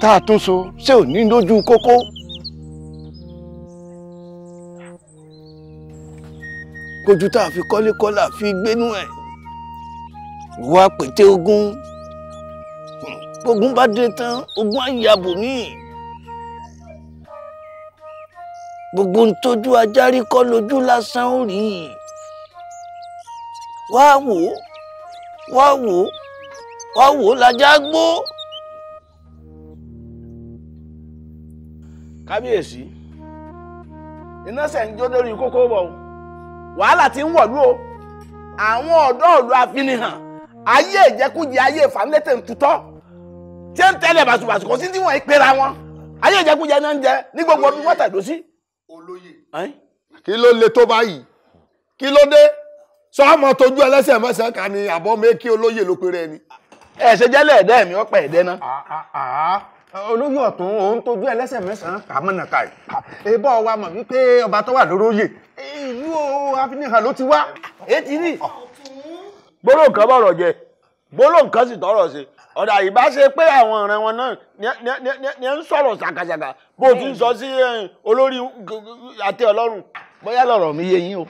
tá a tún so ṣé ò ní lójú kókó. kojú tá a fi kọ́lékọ́lá fi gbénú ẹ̀ wá pété ogun ogun bá dé tán ogun á yàbò míì. gbogbo ń tójú ajá rí kọ́ lójú lásán ó rí i wá wò ó wá wò ó wá wò ó lajá gbó. kábíyèsí iná sẹ̀ ń jó lórí kókó bọ̀ o wàhálà ti ń wọ̀lú o àwọn ọ̀dọ́ ọ̀lú àfinihàn ayé ìjẹkújẹ ayé ìfàmìlẹ́tẹ̀ ń tutọ́ tí ń tẹ́lẹ̀ bàtùbàtù kò sí tí wọ́n ń pera wọn ayé ìjẹkújẹ náà ń jẹ ní gbogbo ọdún wọ́n tàdó sí olóyè. kí ló le tó báyìí kí ló dé sọ àmọ́ tójú ẹlẹ́sẹ̀ mẹ́sàn-án kan ni àbọ̀ mi kí olóyè ló péré ni. ẹ ṣe jẹ́lẹ̀ ẹ̀dẹ́ mi ọ̀pẹ̀ ẹ̀dẹ́ náà. Ah, ah, ah. olóyè ọ̀tún òun tójú ẹlẹ́sẹ̀ mẹ́sàn-án kà mọ̀nà ká ẹ̀ bọ́ wa mọ̀ wípé ọba tó wà lóróyè ìlú àfihàn ló ti wá ètí ni. gbólóǹkan bọ̀rọ̀ jẹ gbólóǹkan sì tọrọ sí ọ̀dà ìbá ṣe pé àwọn ọ̀rẹ́ wọn náà ní ẹ ń sọ̀rọ̀ ṣàkàṣàkà bó o ti ń sọ sí olórí àti ọlọ́run bóyá lọ̀rọ̀ mi yé yín o.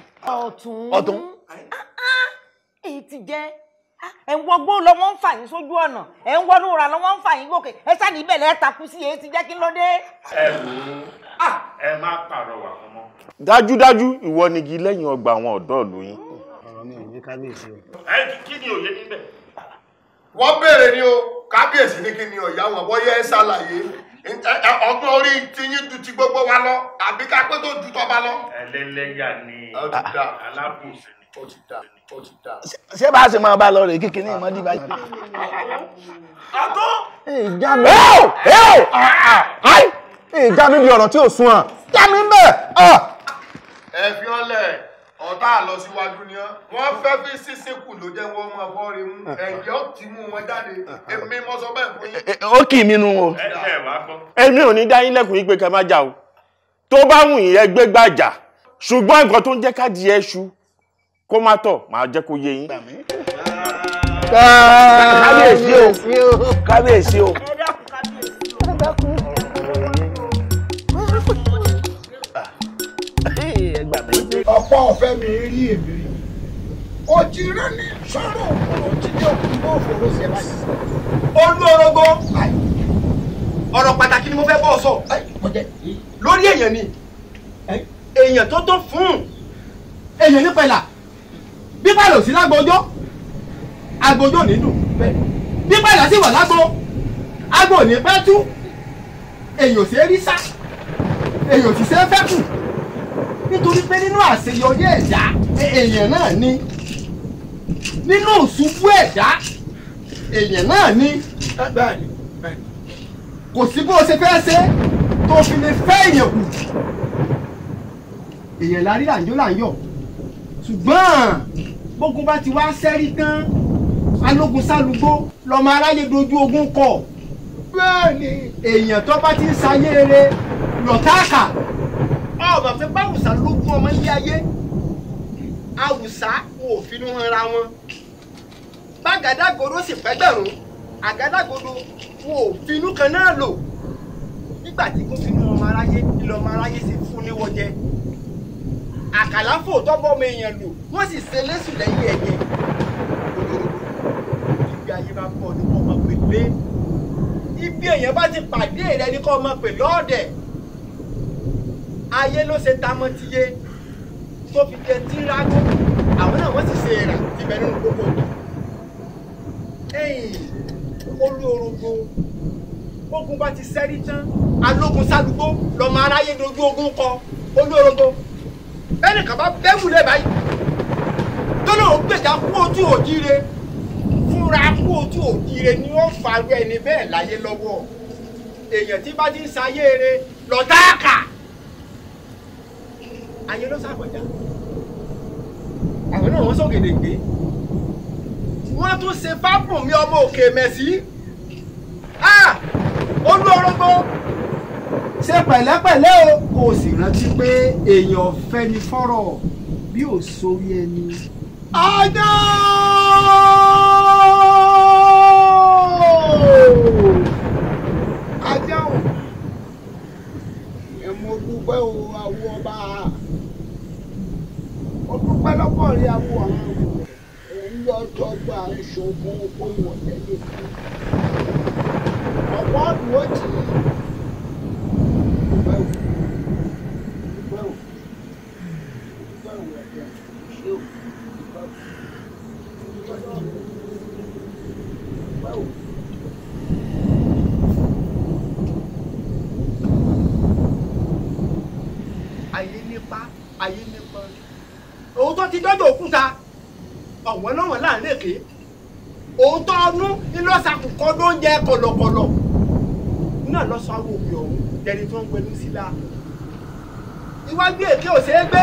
ọ̀tún ọ̀tún. Ah, ah, ah. èyí ti jẹ́ ẹ̀ ń wọgbó lọ́wọ́ ń fà sójú ọ̀nà ẹ̀ ń lọ́wọ́ ń fà yín gòkè ẹ sá níbẹ̀ lẹ́ẹ̀ takú sí ti jẹ́ kí ló dé. ẹ fún dájúdájú ìwọ lẹ́yìn ọgbà àwọn ọ̀dọ́ mm. wọ́n béèrè ni o kábíyèsí ní kí ni ọ̀yá wọn bọ́yá ẹ ṣàlàyé ọgbọ́n orí tiyín ju ti gbogbo wa lọ àbí ká pé tó ju tọ́ba lọ. ẹlẹ́lẹ́yà ni alábùsùn ni ó ti dà ó ti dà. ṣé bá a ṣe máa bá a lọ rè kékeré ìmọ̀ ní báyìí. àtọ́. ìjà mi. ẹ ò ẹ ò ìjà mi bí ọ̀rọ̀ tí ò sún à. ìjà mi bẹ́ẹ̀. ẹ fi ọ́ lẹ̀ ọ̀tá àlọ síwájú ni wọ́n fẹ́ fi sísìnkù ló jẹ́ wọ́n máa bọ́ rí mú <laughs> ẹ̀jẹ̀ ó ti mú wọn jáde èmi mo sọ bẹ́ẹ̀ fún yín. ó kì í minú o èmi ò ní dá yín lẹ́kùn yín pé ká má jà o tó bá wù yín ẹ gbé gbàjà ṣùgbọ́n nǹkan tó ń jẹ́ káàdì ẹṣu kó má tọ̀ máa jẹ́ kó yé yín. kábíyèsí o kábíyèsí o. gbà mí. ọ̀pọ̀ ọ̀fẹ́ mi rí èmi rí ojì rẹ ní sọ́rọ̀ òkúrò tí ní òkúrò òfòrò ṣe báyìí. olú ọlọgbọ ọ̀rọ̀ pàtàkì ni mo fẹ́ bọ́ ọ sọ lórí èèyàn ni èèyàn tó tó fún un. èèyàn nípa ìlà bí bàlọ̀ sí lágbọ́jọ́ agbọ́jọ́ nínú bí bàlọ̀ sí wà lágbọ́ agbọ́ ní pẹ́ tú èèyàn ò ṣe é rí sá èèyàn ò sì ṣe é fẹ́ kù nítorí pé nínú àṣeyọrí ẹ̀dá èèyàn náà ni nínú òṣùbù ẹ̀dá èèyàn náà ni kò sí bó ṣe fẹ́ ṣe tó fi lè fẹ́ èèyàn kù èèyàn lárí làǹjọ́ làǹyọ̀ ṣùgbọ́n bógun bá ti wá sẹ́rí tán alógun sálùgbó lọ́mọ aráyé dojú ogun kọ èèyàn tó bá ti ń sayé eré lọ́tàkà ọ̀rọ̀ pé báwùsà lógún ọmọ ilé ayé àwùsà òfin wọn ra wọn bàgàdàgodo sì pẹ́gbẹ̀rún àgàdàgodo wọn ò finú kan náà lò nígbà tí kò finú ọmọ aráyé ilẹ̀ ọmọ aráyé sì fún níwọ̀ jẹ àkàlàfò tọ́bọ̀ ọmọ èèyàn lò wọ́n sì ṣe lẹ́sùn lẹ́yìn ẹ̀yẹ ibi ayé bá pọ̀ ní kọ́ ọmọ pèlé ibi èèyàn bá ti pàdé rẹ kọ́ ọmọ pèlé ọ̀dẹ̀ ayé ló ṣe tamọ́ ti yé tó fi jẹ tíráàkì àwọn náà wọ́n sì ṣe èrà ti bẹ nínú gbogbo ẹ̀yìn olú orogo ogun bá ti sẹ́rí tán alógun sálùgbó lọ́mọ aráyé dojú ogun kọ olú orogo ẹnìkan bá bẹ́wù lẹ́ báyìí tó lóun gbèjà kú ojú òjire fúnra kú ojú òjire ni ó farú ẹni bẹ́ẹ̀ láyé lọ́wọ́ èèyàn tí bá ti ń sayé eré lọ́tàkà ayé ló sàkọjá àwọn náà wọ́n sọ̀gèdè gbé wọ́n tún ṣe fábùnmí ọmọ òkè mẹ́sì olú orógbó ṣe pẹ̀lẹ́pẹ̀lẹ́ o kò sì rántí pé èèyàn fẹ́ ni fọ́rọ̀ bí ò so ẹni. ọjọ́ ajá ò ẹ̀ mọ gbogbo ẹ̀ o. dúpẹ́ lọ́pọ̀ rí abo àwọn àwòrán ńlọ́dọ́gba ìṣògùn ohun ọ̀tẹ̀ nìkan ọ̀pọ̀ ọ̀dùn ó tì í. kékèké òótọ́ ọnú ńlọ́sàkùnkọ́ ló ń jẹ kọ̀lọ̀kọ̀lọ̀ náà lọ́sọ̀ àwọn òbí ọ̀hún dẹni tó ń pẹ̀lú sílá iwájú èké ò ṣeé gbé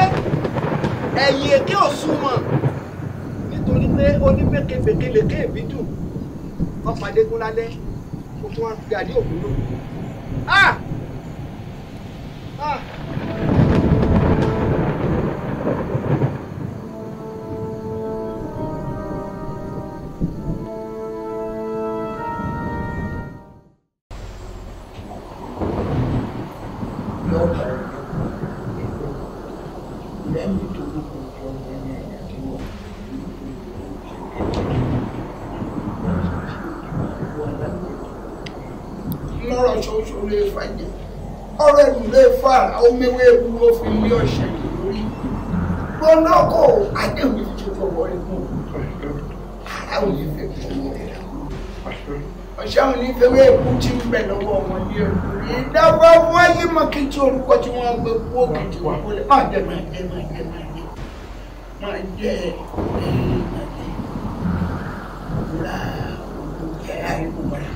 ẹ̀yìn èké ò súnmọ́ nítorí pé oníbèkebèkelèké èbí dùn ọ̀pọ̀ adégún lálẹ́ kó tó wọn gàdí Ah, ah. méwé ewu ó fi lé ọ̀sẹ̀ lórí gbọ́dọ̀ kó adéhùn ti fọwọ́ rẹ̀ mú ara ò ní fẹ́ fọwọ́ rẹ̀ ọ̀sẹ̀ ò ní fẹ́wé ewu ti ń bẹ̀ lọ́wọ́ wọn ní ewu ìdáwọ́ wáyé mọ́kìtì orúkọ tí wọ́n gbé kú òkìtì wọn kólé má jẹ́ má jẹ́ má jẹ́ má jẹ́ má jẹ́ ẹ̀ẹ́dẹ́gbẹ̀rún ọ̀gbọ̀n jẹ́ àìkú bọ̀rọ̀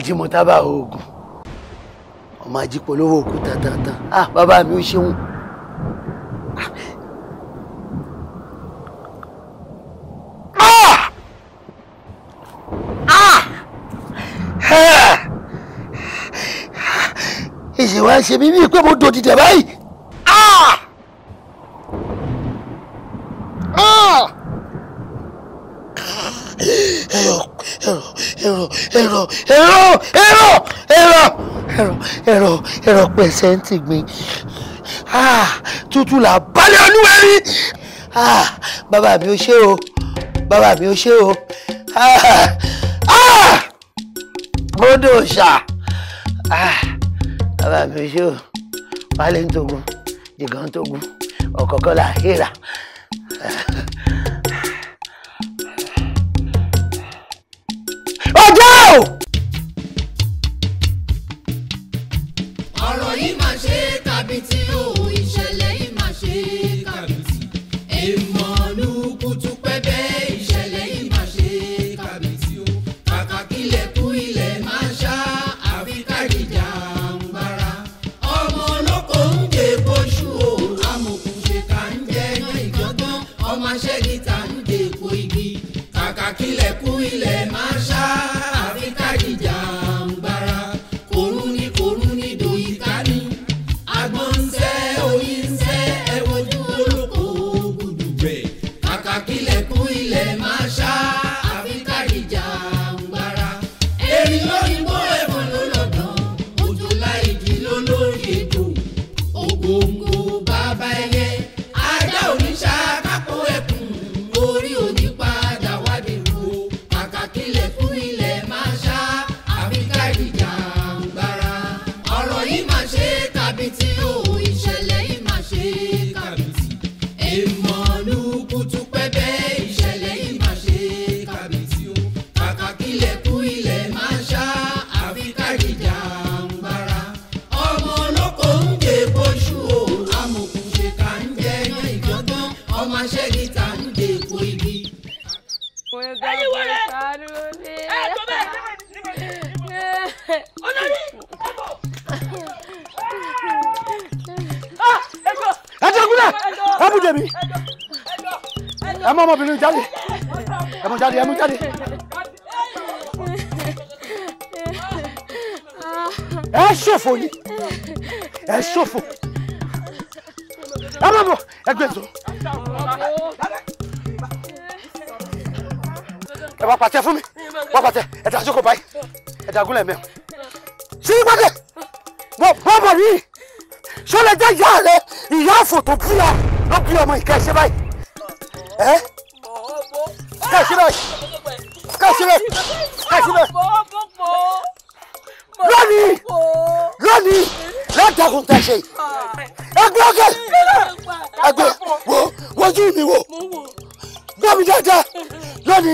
ajímọ tábà oògùn ọmọ ajípolówó òkúta tàntàn ah bàbá mi ò ṣeun ah! Ah! Ah! ìṣèwà ṣe mí bíi pé mo dòdìdẹ̀ báyìí. ẹ̀rọ ẹ̀rọ ẹ̀rọ ẹ̀rọ ẹ̀rọ ẹ̀rọ ẹ̀rọ pẹ̀sẹ́ǹtì gbin ah, tútù là balẹ̀ olúwa rí ah, bàbá mi ò ṣe o bàbá mi ò ṣe o ah, bódò ṣá bàbá mi ò ṣe o wálé ń togun jìgàn ń togun ọ̀kọ̀ọ̀kan là híra. ọmọbìnrin jáde ẹ mú jáde ẹ mú jáde. ẹ ṣòfò ni ẹ ṣòfò ẹ má bọ̀ ẹ gbé zọ. ẹ wá pàtẹ fún mi wá pàtẹ ẹ dà jókòó báyìí ẹ dà gúnlẹ̀ mẹ́rin. sí pàtẹ wọ́n bọ̀ bọ̀ yìí ṣọlẹ̀ jẹ́ ìyá rẹ̀ ìyá àfò tó búra ló bí ọmọ ìka báyìí.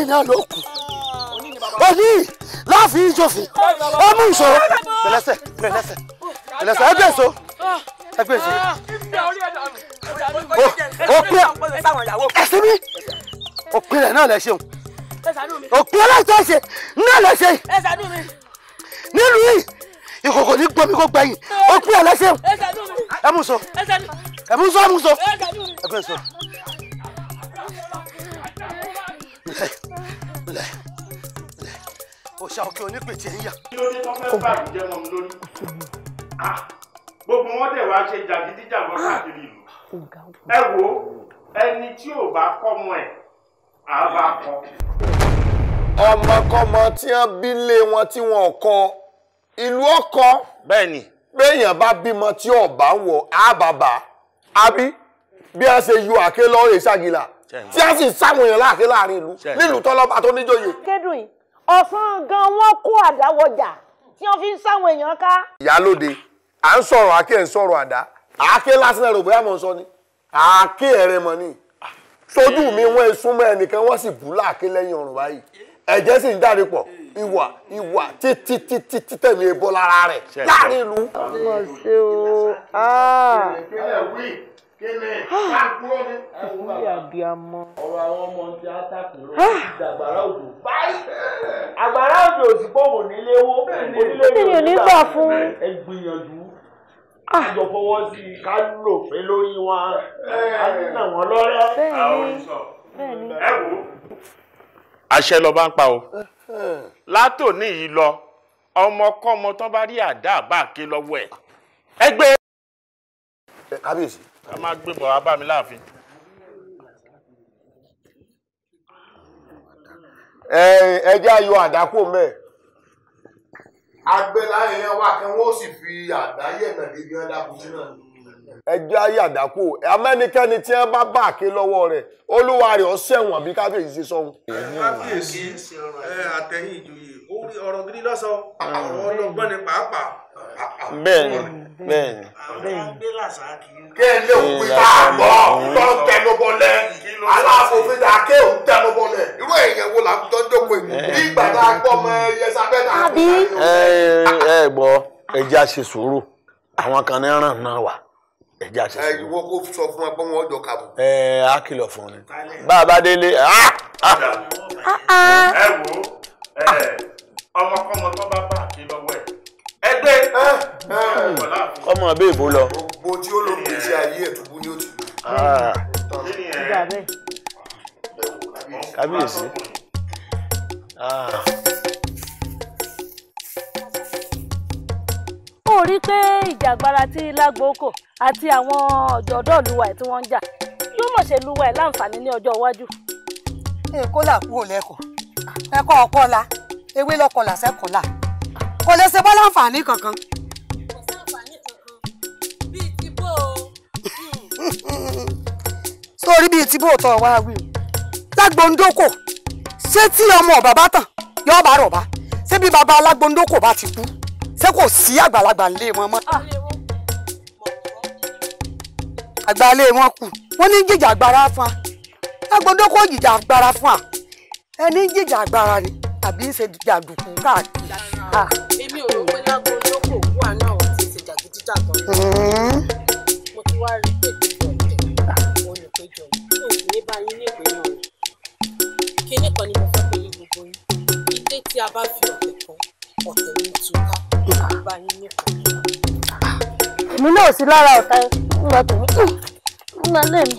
náà ló kù òní láàfin ìjòfin ó mú ìṣòro pẹ̀lẹ́sẹ̀ pẹ̀lẹ́sẹ̀ pẹ̀lẹ́sẹ̀ ẹgbẹ́ èso ẹgbẹ́ èso o pé ẹsẹ̀ mi o pé rẹ náà lẹ ṣeun o pé ẹlẹ́tọ̀ ẹsẹ̀ náà lẹ ṣe nílùú yìí ìkòkò ní gbomi kó gbẹ̀yìn o pé ẹlẹ́sẹ̀ ẹmú so ẹmú so ẹmú so ẹgbẹ́ èso. rẹ̀ tiẹ̀ ń yà. kí ló dé tó fẹ́ bá ìjẹ́ wọn lórí. Ah, gbogbo wọn dẹ̀ wá ṣe jàgídíjàgbọ́n ah. káàkiri ìlú. ẹ wo ẹni tí ò bá kọ́ ẹ̀ á bá kọ́. ọmọkọ́mọ tí wọ́n bí lé wọn tí wọ́n kọ́ ìlú ọkọ. bẹ́ẹ̀ni. béèyàn bá bímọ tí ọba ń wọ àbàbà àbí bí a ṣe yọ àké lọ́rẹ̀ ìṣàgìlà tí a sì sáwọn èèyàn láàké láàrin ìlú nílùú tọ́lọ́ba tó níjòyè. kédùn yìí ọ̀sán gan wọ́n kó àdáwọjà tí wọ́n fi ń sáwọn èèyàn ká. ìyálóde à ń sọ̀rọ̀ àáké ń sọ̀rọ̀ àdá àáké lásán ẹ̀rọ bóyá mò ń sọ ni àáké ẹ̀rẹ̀ mọ̀ ni sójú mi wọ́n ń súnmọ́ ẹnìkan wọ́n sì bú láàké lẹ́yìn ọ̀rùn báyìí ẹ̀jẹ̀ sì ń dáre pọ̀ ìwà ìwà títí títí títẹ̀mí ebó lára rẹ̀ láàrin ìlú. ọmọ ṣe o. Ah. Ìwúrí ah. àbíamọ. Ọ̀rọ̀ àwọn ọmọ ti átàkùnrin ah. ti àgbàrá òjò. Àgbàrá òjò òsì pòwò nílé owó. Onílé yóò ní gbà fún. Ẹ gbìyànjú. Àjọ ah. fọwọ́ sí i ká lò pé lórí wọn. A eh. ti nà wọ́n lọ́rẹ́. Bẹ́ẹ̀ni. Ẹ wò ó. Àṣẹ lọ bá ń pa o. Eh. Látòní yìí lọ, ọmọkọ́mọ tán bá rí àdá àbá ké lọ́wọ́ ẹ̀. Ẹgbẹ́. E kábíyèsí. a máa gbébọn wá bá mi láàfin. ẹ jẹ́ ayọ àdákò mẹ́ẹ̀. agbẹ́láyé yẹn wà kí wọ́n sì fi àdáyé náà lè gbé dákú sí náà. ẹ jẹ́ ayé àdákò amẹ́nikẹ́ni tí wọ́n bá bá àké lọ́wọ́ rẹ̀ olúwa rẹ̀ ó ṣẹ̀wọ̀n bí kábíyèsí ṣe sọ́hun. kábíyèsí àtẹ̀yìn ìjòyè ọ̀rọ̀ gidi lọ́sọ̀ọ́ ọ̀rọ̀ ọlọ́gbọ́n ni pàápàá. bẹ́ẹ̀ ni. bẹ́ẹ̀ni. kéèlé òpin tá a gbọ́ tó ń tẹnubọlẹ̀ aláàfòfindà ké òun tẹnubọlẹ̀ irú èèyàn wo là ń tọ́jú pé ìgbà tá a gbọ́ ọmọ ẹyẹ sábẹ́ náà. ẹ ẹ gbọ́ ẹja àwọn kan ní ràn náà wà ẹja ṣe sùúrù. ìwọ kò sọ fún wa pé wọn jọ kàbọ. ẹ á kìlọ̀ fún ni bá délé. ẹ wo ọmọkọmọ tó bá bá àti lọ́wọ́ ẹ ẹgbẹ́. ọmọ bẹ́ẹ̀ bó lọ. gbogbo tí ó lò ń gbèsè ayé ẹ̀tùkú ni ó ti lù. kábíyèsí. ó rí pé ìjàgbara tí lágbókò àti àwọn ọ̀jọ̀dọ̀ olúwa ẹ̀ tí wọ́n ń jà yóò mọ̀ ṣe luwa ẹ̀ láǹfààní ní ọjọ́ iwájú. èkó là kúrò lẹ́kọ̀ọ́ ẹ̀kọ́ ọ̀kọ́ la ewé lọ́kọ̀ làṣẹ́kọ̀ọ́ la kò lè ṣe bọ́ láǹfààní kankan. sórí bíi tí bóòtọ́ wá wí lágbóńdókò ṣé tí ọmọ bàbá tàn yóò bá rọ̀ bá ṣé bí bàbá alágbóńdókò bá ti kú ṣé kò sí àgbàlagbà ńlé wọn mọ́. àgbà ilé wọn kù wọn ní jìjà agbára fún wa lágbóńdókò jìjà agbára fún wa ẹni jìjà agbára ni àbí ṣe jàǹdùkú káàkiri. Ah, èmi ò rò pé lágbóńdókò wà náà ti ṣe jàgídíjàgan hmm. mo ti wá rí i. tí a bá fi ọ̀tẹ̀ kan ọ̀tẹ̀ ní túká bá yín nìkan. èmi náà sí lára ọ̀tá ẹ nígbà tèmi nígbà lè mi.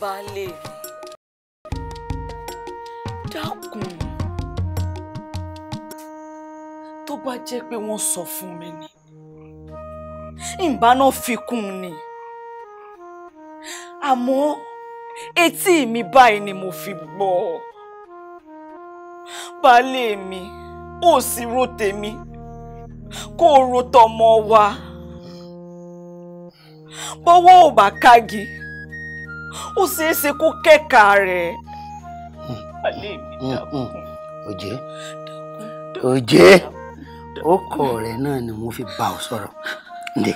baálé dákun tó bá jẹ́ pé wọ́n sọ fún mi ni ìbáná fi kún un ni àmọ́ etí mi báyìí ni mo fi gbọ́ ọ baálé mi ò sì ro tèmi kó o ro tọmọ wa bọ́wọ́ ò bá kági ó ṣeé ṣe kó kẹ́ka rẹ̀ baálé mi mm, mm, dákun. òjé òjé ó rẹ náà ni mo fi bá ọ sọ̀rọ̀ ǹdẹ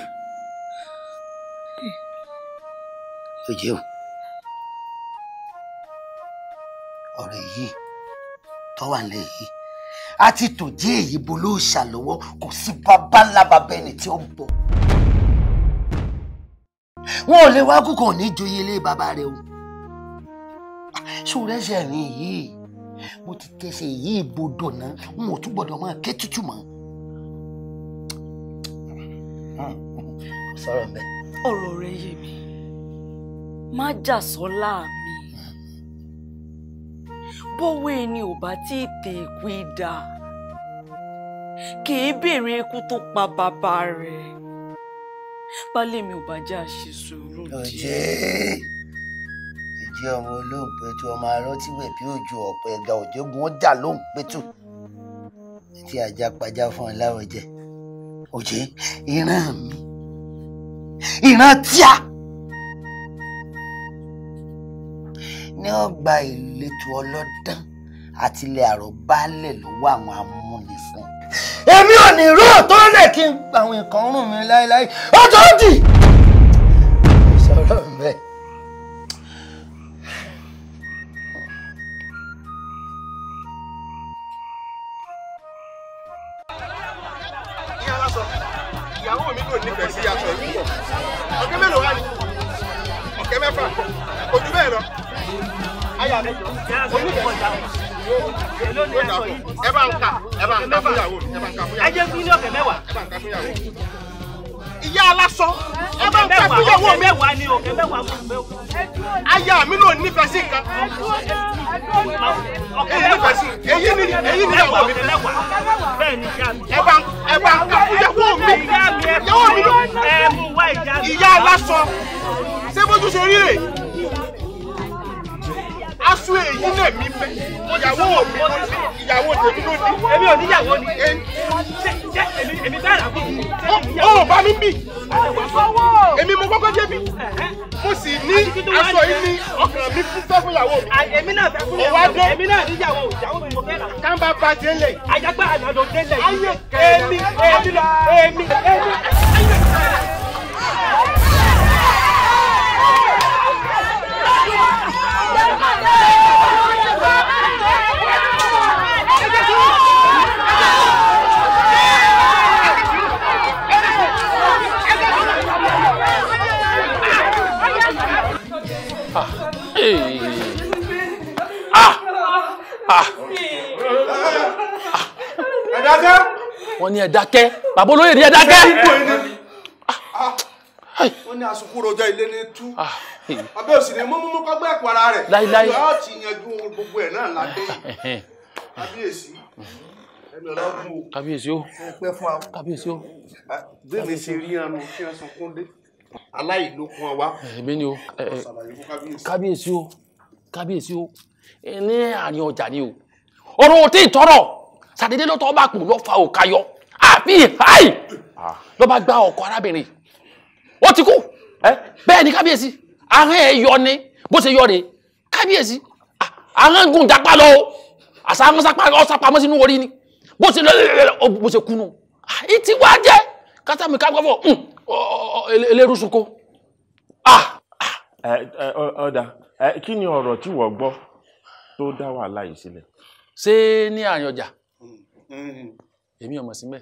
òjé o ọ̀rẹ́ yìí tó wà nílẹ̀ yìí a ti tò jẹ́ èyí bolú òòṣà lọ́wọ́ kò sí bàbá ńlá bàbá tí ó ń bọ̀. wọn ò lè wá kú ní joyè ilé bàbá rẹ o ṣùgbọ́n ẹsẹ̀ rìn yìí mo ti tẹsẹ̀ yìí bodò náà n ò tún gbọ́dọ̀ máa ké tútù mọ́. sọ̀rọ̀ bẹ́ẹ̀. ọ̀rọ̀ rẹ yé mi má jà sọ́lá mi bọ́wọ́ ẹni ò bá tí ì tẹ èkú ìdá kì í béèrè ikú tó pa bàbá rẹ̀ baálé mi ò bá já ṣe sùúrù díẹ̀. ọjẹ́ ìjẹ́ ọmọ olóògbé tí ọmọ arántí wẹ̀ bí òjò ọ̀pẹ ẹ̀gà òjògùn ó dà lóhùn pẹ̀tù tí ajá pajá fún ẹ láwọ̀ jẹ ìran mi ìran tíá. ní ọgbà ìletò ọlọ́dán àti ilẹ̀ àròbálẹ̀ lọ́wọ́ àwọn amúnifún. èmi ò ní ró tó lẹ̀ kí n gba àwọn nǹkan rùn mi láéláé ó tó dì. sọ̀rọ̀ mẹ́. ìyàwó mélòó wá ní ọ̀kẹ́ mẹ́fà ojú bẹ́ẹ̀ lọ ẹ ìyá aláṣọ ẹ bá ń kà fúyàwó mi. mẹ́wàá mi ló nífẹ̀ẹ́ sí nǹkan. èyí ni ìyàwó mi. ẹ bá ń kà fúyàwó mi. ìyàwó mi ló. ìyá aláṣọ ṣé bójú ṣe rí rè aṣọ èyí lè mi fẹ́ ìyàwó mi ló ní ìyàwó tèmi ló ní. èmi ò níyàwó ni èmi bẹ́ẹ̀ rà fún mi. ó ò bá mi bì èmi mo kọ́kọ́ jẹ́ bí mo sì ní aṣọ yìí ní ọkàn mi fún fẹ́ fún ìyàwó mi. èmi náà fẹ́ fún ìyàwó mi èmi náà níyàwó ìyàwó mi mo fẹ́ rà. kámbá ba ti lẹ̀. ajagbá ànàdó dé lẹ̀. èmi èmi èmi èmi. Yeah! wọ́n ní ẹ dákẹ́ bàbá olóyè ní ẹ dákẹ́. wọ́n ní asukúrò ọjọ́ ilé ní tú. Ah abẹ́ òsì ni mímú kọ́gbẹ́ ẹ̀kọ́ ara rẹ̀ láíláí yóò ti yanjú gbogbo ẹ̀ náà ládé yìí kábíyèsí ẹni ọlọ́run o kábíyèsí o pẹ́ fún wa kábíyèsí o. Ah, bẹ́ẹ̀ mi ṣe rí ẹnu kí ẹ sọ kúndé aláìlókun ọwa. èmi ni o eh, eh. kábíyèsí o kábíyèsí o eh, ní àárín ọjà ni o ọ̀rọ̀ ò tí ì tọrọ sàdédé ló tọ́ bá kù lọ́fà òkà yọ àbí háì ah. ló bá gbá ọkọ arábìnrin ó ti kú bẹ́ẹ̀ ni kábíyèsí ahọ́n ẹ̀ yọ ni bó ṣe yọ rè kábíyèsí ahọ́n gùn jápá lọ o àṣà ahọ́n sápá ọ̀sápamọ́ sínú orí ni bó ṣe lọ́lẹ́lẹ́lẹ́ bó ṣe kunu ìtì wá jẹ́ kátàmì kágbọ́fọ̀ elérúsoko. ọ̀dà kí ni ọ̀rọ̀ tí wọ́n gbọ́ tó dá wàhálà yìí sílẹ̀. ṣé ní àárín ọjà èmi ọmọ síbẹ̀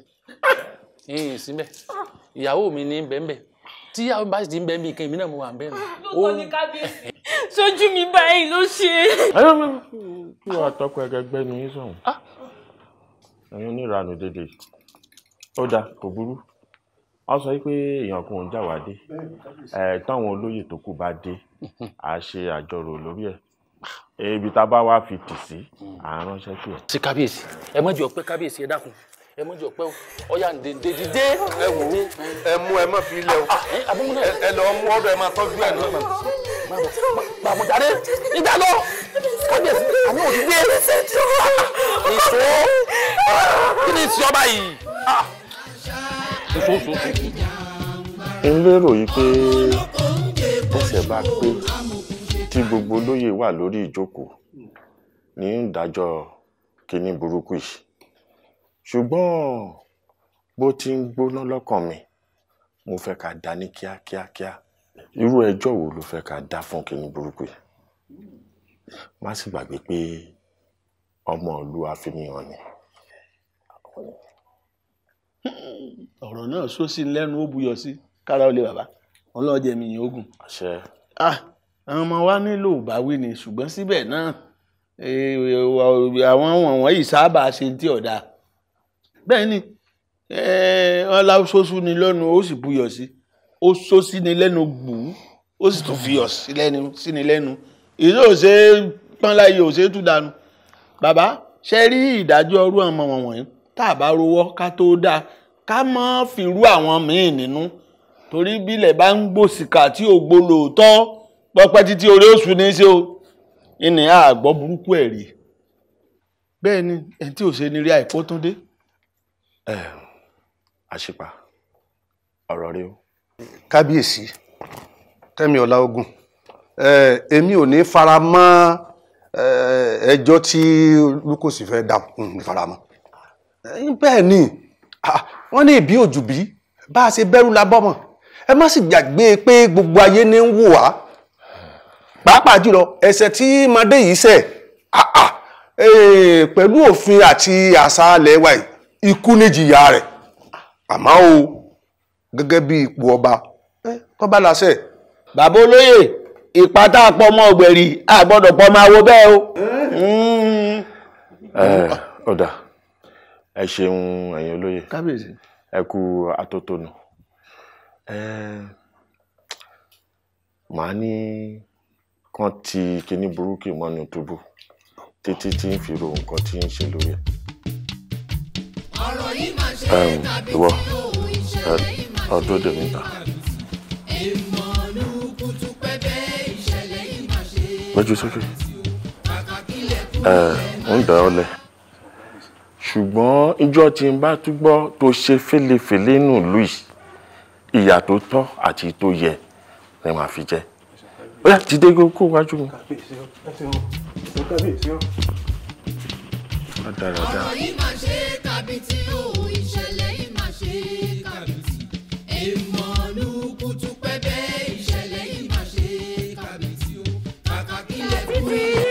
ìyàwó mi ní bẹ́ẹ̀ bẹ́ẹ̀ tí àwọn bá sì ti ń bẹ́ mi nǹkan èmi náà mo wà ń bẹ́ mi. lóòótọ́ ni oh. kábíyèsí sójú mi báyìí ló ṣe. kí wàá tọkọ ẹgẹgbẹ ni yín sọ̀hún ah. ẹ̀yin oníranù dédé ó dáa kò burú wọ́n sọ pé èèyàn kan ò ń jàwádé táwọn olóyè tó kù bá dé a á ṣe àjọrò lórí ẹ̀ ibi tá a bá wá fi tì sí à á ránṣẹ́ sí ẹ. sí kábíyèsí ẹ mọ̀jọ́ pé kábíyèsí ẹ dákun ẹ mọ̀jọ pẹ́ o ọ̀yà dèdè dìde. ẹ wò ó ẹ mú ẹ má fi ilẹ̀ o ẹ lọ mú ọdọ ẹ máa tọ́jú ẹ náà. bàmùjáde ìgbà lọ kábíyèsí àmì òdì dé ìṣó kí ni ìṣó ọba yìí. ìṣó ìṣó ìṣó. n lérò yìí pé ọ̀sẹ̀ bá pé tí gbogbo olóyè wà lórí ìjókòó ní ìdájọ́ kínní burúkú yìí ṣùgbọ́n bó ti ń gbóná lọ́kàn mi mo fẹ́ ká dá ní kíákíákíá irú ẹjọ́ wo ló fẹ́ ká dá fún kínní burúkú yìí má sì gbàgbé pé ọmọ ìlú àfihàn ni. ọ̀rọ̀ náà sósì lẹ́nu ó buyọ̀ sí kára ó lé bàbá ọlọ́jẹ̀ mi yìí ogun. àṣẹ. ah àwọn ọmọ wa nílò ìbáwí ni ṣùgbọ́n síbẹ̀ náà eh, àwọn wọ̀nyí sábà ṣe tí ọ̀dà bẹ́ẹ̀ ni eh, wọ́n la sósú ni lẹ́nu ó sì buyọ̀ sí ó sósí ni lẹ́nu gbùú ó sì tún fiyọ̀ sí lẹ́nu sí ni lẹ́nu ìdí ò ṣe é pọ́nlá iye ò ṣe é tú dànù bàbá ṣe rí ìdájọ́ ọrú ọmọ wọ̀nyí tá a bá rówọ́ ká tó dáa ká má fi rú àwọn míì nínú torí bílẹ̀ bá ń gbòsìkà tí ò gbólóòtọ́ pọpẹ́ títí orí oṣù ní í ṣe o ìní àgbọ̀ burúkú ẹ̀ rí bẹ́ẹ̀ ni ẹ̀ tí ò ṣe ní rí àìkótúndé àṣìpà ehm, ọ̀rọ̀ rẹ o. kábíyèsí tẹ́mi ọláogun eh, èmi ò ní fara mọ́ eh, ẹjọ́ tí olùkọ́sí fẹ́ dà ní fara mọ́ eh, bẹ́ẹ̀ ni ah, wọ́n ní ìbí òjùbí bá a ṣe bẹ́rù la bọ́mọ̀ ẹ má sì gbàgbé pé gbogbo ayé ní ń wò wá pàápàá jùlọ ẹsẹ̀ tí madé yìí ṣẹ̀ ah, ah, pẹ̀lú òfin àti àṣà alẹ́ wa ikú níjìyà rẹ̀ àmọ́ o gẹ́gẹ́ bí ipò ọba tọ́ba láṣẹ. bàbá olóyè ìpátá pọmọ ọgbẹ̀rì àgbọ́dọ̀ pọmọ àwo bẹ́ẹ̀ o. ọ̀dà ẹ ṣeun ẹ̀yin olóyè ẹ kú atótónu màá ní kán ti kinní burúkú mọ́nu túbú títí tí ń fi ro nǹkan tí ń ṣe lórí ẹ̀ ìwọ ọdún dèmí ta méjì sókè ń dà ọ lẹ ṣùgbọ́n ìjọ tí n bá túgbọ́ tó ṣe fèlèfèlè nù louis ìyà tó tọ́ àti tó yẹ ni màá fi jẹ ó yà ti dé kó wájú mi ọ̀rọ̀ yìí mà ṣe tàbí tí ó ìṣẹ̀lẹ̀ yìí mà ṣe kàbìtì èèmọ̀lú kùtùpẹ̀bẹ̀ ìṣẹ̀lẹ̀ yìí mà ṣe kàbìtì ó kàkà kílẹ̀ fún mi.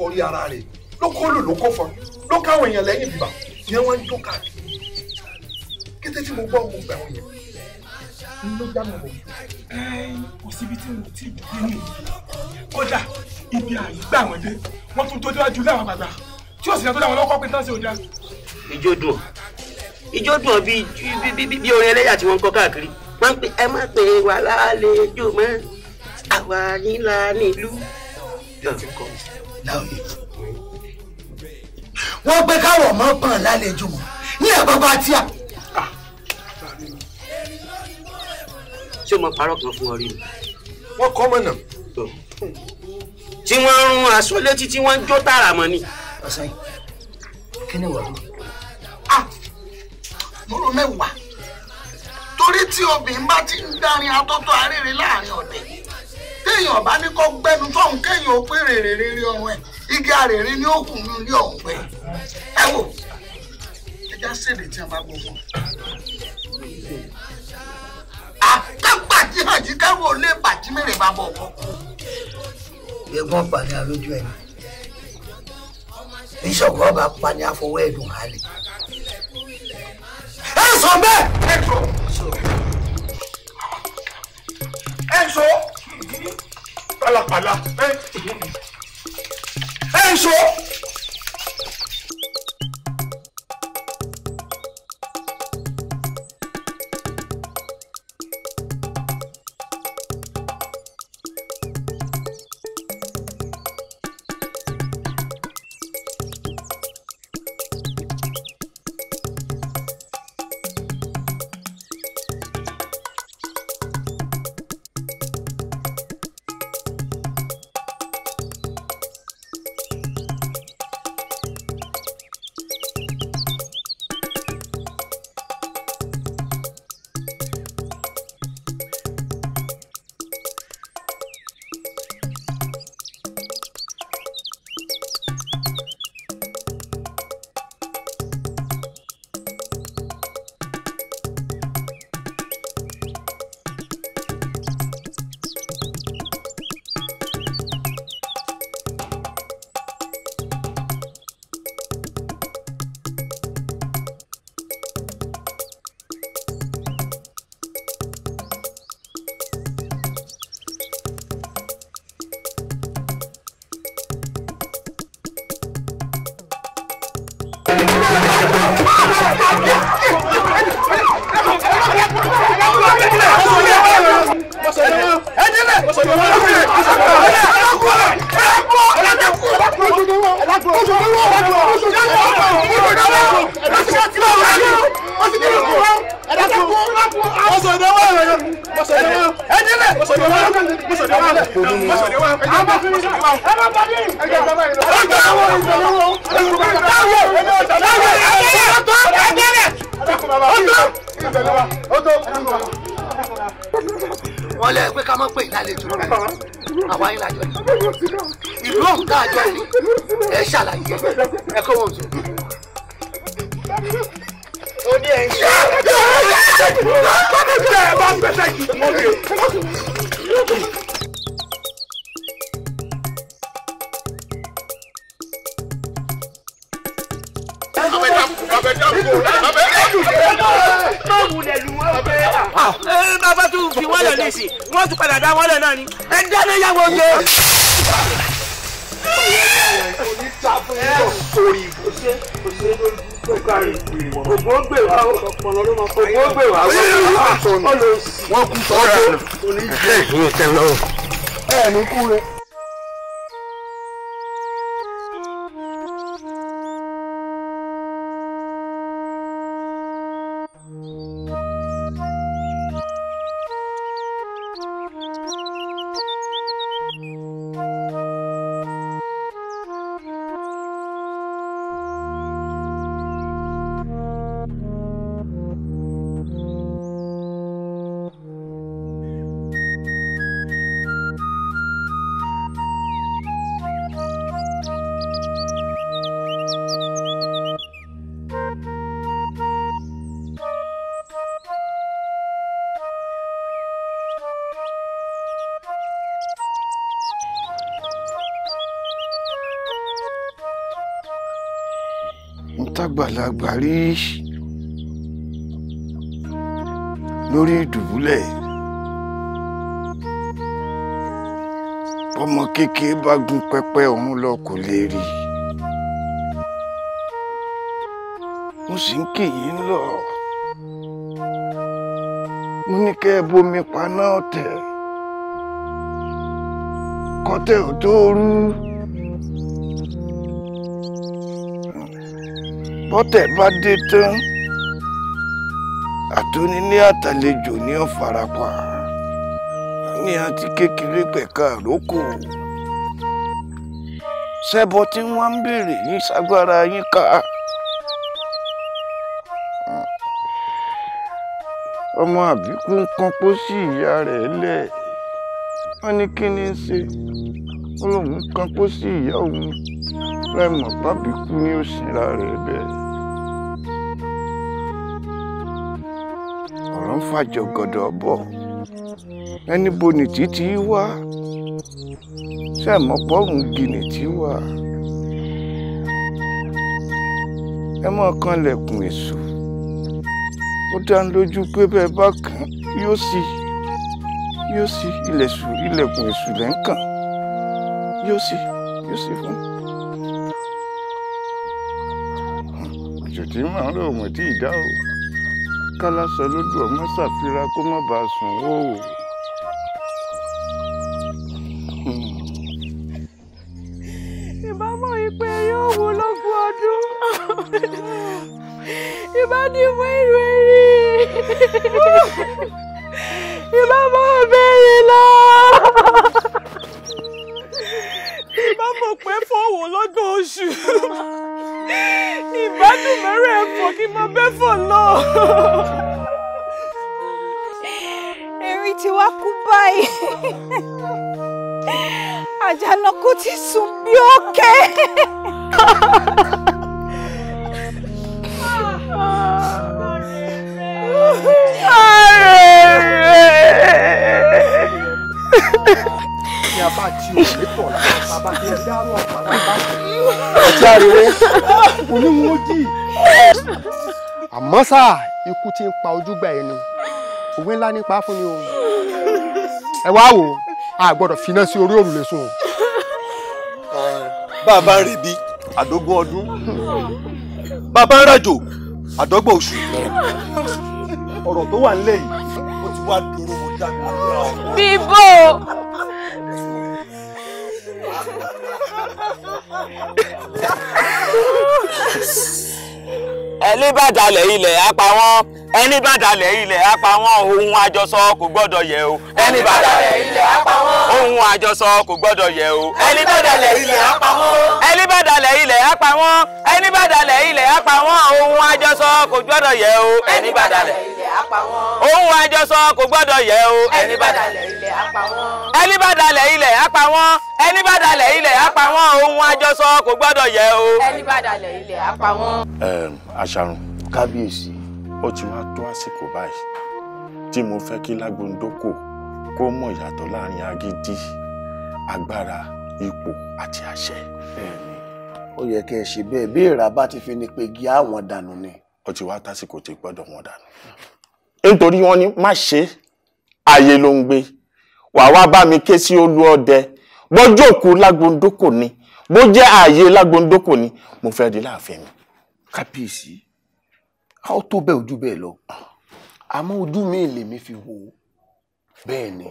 kọrí ara rẹ̀ ló kó lò ló kó fọn ló káwọn èèyàn lẹ́yìn bíbà ìyẹn wọ́n ń jó káàkiri kété tí mo gbọ́ gbogbo àwọn yẹn ló dáná wò. kò síbi tí mo ti dé ní kódà ibi àyígbà wọn dé wọ́n tún tó déwájú láwọn bàbá tí ó sì yàtọ̀ láwọn ọlọ́kọ́ pé tán sí ọjà. ìjó dùn ìjó dùn bí bí orin ẹlẹ́yà tí wọ́n kọ́ káàkiri wọ́n pe ẹ má pe wà lálejò mọ́ àwa yín la nílùú láòyè wọ́n pé káwọ̀ mọ́ pọ̀n lálejò mọ́ ní àbábá tí a. ṣé mo parọ́ kan fún ọ rí ni. wọ́n kọ́ mọ̀ náà. tí wọ́n ń rún aṣọ létí tí wọ́n ń jó tààrà mọ́ ni. kí ni wọ́n rú. a mo rò mẹ́wàá torí tí obìnrin bá ti ń darin atótó arére láàrin ọ̀dẹ̀ yìí kéèyàn bá ní kọ́ gbẹ́nu fọ́hùn kéèyàn ó pé rèrè rèrè ọrùn ẹ̀ igi àrèrè ní òkun ní ilé ọ̀hún pé ẹ wò ẹja ṣèlè tí a bá gbogbo. àtẹ́pàdé àjíkẹ́wò lè bàjí mèrè bàbá ọ̀pọ̀ kú. ẹ̀gbọ́n pani alójú ẹ̀ bíṣọ̀kù ọba pani afọwọ́ ẹ̀dùn hálẹ̀. ẹ sọ bẹ́ẹ̀. ẹ sọ. ẹ sọ pálapàla ẹ ń sọ. sọnù wọ́n kú sọ́dọ̀ ẹ̀ ní kú rẹ̀. ń tàgbàlagbà rí lórí ìdùbúlẹ̀ ọmọ kékeré bá gun pẹpẹ ọ̀hún lọ kò lè rí mo sì ń kì í lọ mo ní kẹ́ ẹ bomi paná ọ̀tẹ̀ kọ́tẹ̀ ò rú. bọ́tẹ̀ bá dé tán àtúnilé àtàlejò ní ọ̀farapa ní àti kékeré pẹ̀ka àrókò ṣẹ́bọ tí wọ́n ń béèrè yín ṣagbára yín ká. ọmọ àbíkú ń kan kó sí ìyá rẹ̀ lẹ̀ wọ́n ní kí ni ń ṣe ó lóun kan kó sí ìyá òun lẹ́mọ̀ pápí kú ní òsínra rẹ̀ bẹ́ẹ̀. ọ̀rọ̀ ń fàjọ gọ̀dọ̀ bọ̀ ẹni bo nìtí tí í wá sẹ́ẹ̀mọ́ pọ́rùn gi nìtí wá ẹ mọ́ kanlẹ̀kùn èṣù ó dá ń lójú pé bẹ́ẹ̀ bá kàn yóò sì yóò sì ilẹ̀kùn èṣù lẹ́ńkàn yóò sì yóò sì fún un. tí mò ń lò wọ́n tí ì dá o kálá sọ lójú ọmọ ṣàfira kó má bàa sùn o. bá jí òní tọ̀ lára bàbá tí ẹ dárò ọ̀pá lábá àti ariwo oníwọ̀n jì. àmọ́ ṣá ikú ti ń pa ojúgbà ẹni òwe ńlá nípa fún ni o ẹ wá wò a gbọ́dọ̀ finá sí orí òrùlé sùn. bàbá ń rèébi àdógún ọdún bàbá ń rajò àdọ́gbọ̀n oṣù ọ̀rọ̀ tó wà nílẹ̀ yìí ó ti wá dúró mo dá bíbó. ẹni bá dalẹ̀ ilẹ̀ á pa wọ́n ẹni ohun àjọsọ kò gbọ́dọ̀ yẹ̀ o. ẹni bá dalẹ̀ ilẹ̀ ohun àjọsọ kò gbọ́dọ̀ yẹ̀ o. ẹni bá dalẹ̀ ilẹ̀ á pa wọ́n. ẹni bá dalẹ̀ ilẹ̀ á ohun àjọsọ kò gbọ́dọ̀ yẹ̀ o. ẹni apá wọn. ohun àjọsọ kò gbọ́dọ̀ yẹ̀ o. ẹni bá dalẹ̀ ilẹ̀ apá wọn. ẹni bá dalẹ̀ ilẹ̀ apá wọn. ẹni bá dalẹ̀ ilẹ̀ apá ohun àjọsọ kò gbọ́dọ̀ yẹ̀ o. ẹni bá dalẹ̀ ilẹ̀ apá wọn. àṣàrùn kábíyèsí ó ti wá tó àsìkò báyìí tí mo fẹ́ kí lágbóńdókò kó mọ̀ ìyàtọ̀ láàrin agídí agbára ipò àti àṣẹ. bẹ́ẹ̀ni ó yẹ kí ẹ ṣe bẹ́ẹ̀ bí ìrà ti fi ni pé gí àwọn dànù ni. ó ti wá tásìkò tí gbọ́dọ̀ wọn dànù nítorí wọ́n ní má ṣe ayé ló ń gbé wà wá bá mi ké sí olú ọdẹ bójú òkú lágbóńdókò ni bó jẹ́ ààyè lágbóńdókò ni mo fẹ́ di láàfin mi. kábíyèsí a ó tó bẹ́ẹ̀ ojú bẹ́ẹ̀ lọ àmọ́ ojú mi lèmi fi wò ó bẹ́ẹ̀ ni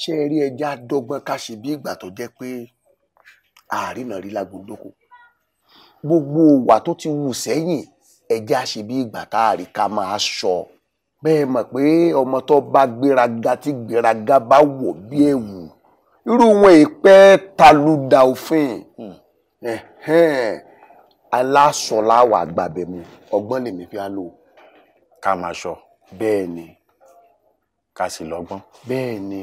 ṣé ẹ rí ẹja dọ́gbọ́n ká ṣe bí ìgbà tó jẹ́ pé àárínà lágbóńdókò gbogbo ìwà tó ti wù sẹ́yìn ẹja ṣe bí ìgbà tá a rí ká máa sọ. So bẹ́ẹ̀ mọ̀ pé ọmọ tó bá gbéraga tí gbéraga bá wọ̀ bí ẹ̀wù irú wọn ìpẹ́ talúdà òfin hmm. aláṣọ láwà àgbàbẹ̀ mu ọgbọ́n lèmi fi á lò. ká máa ṣọ. bẹ́ẹ̀ ni. ká sì lọ́gbọ́n. bẹ́ẹ̀ ni.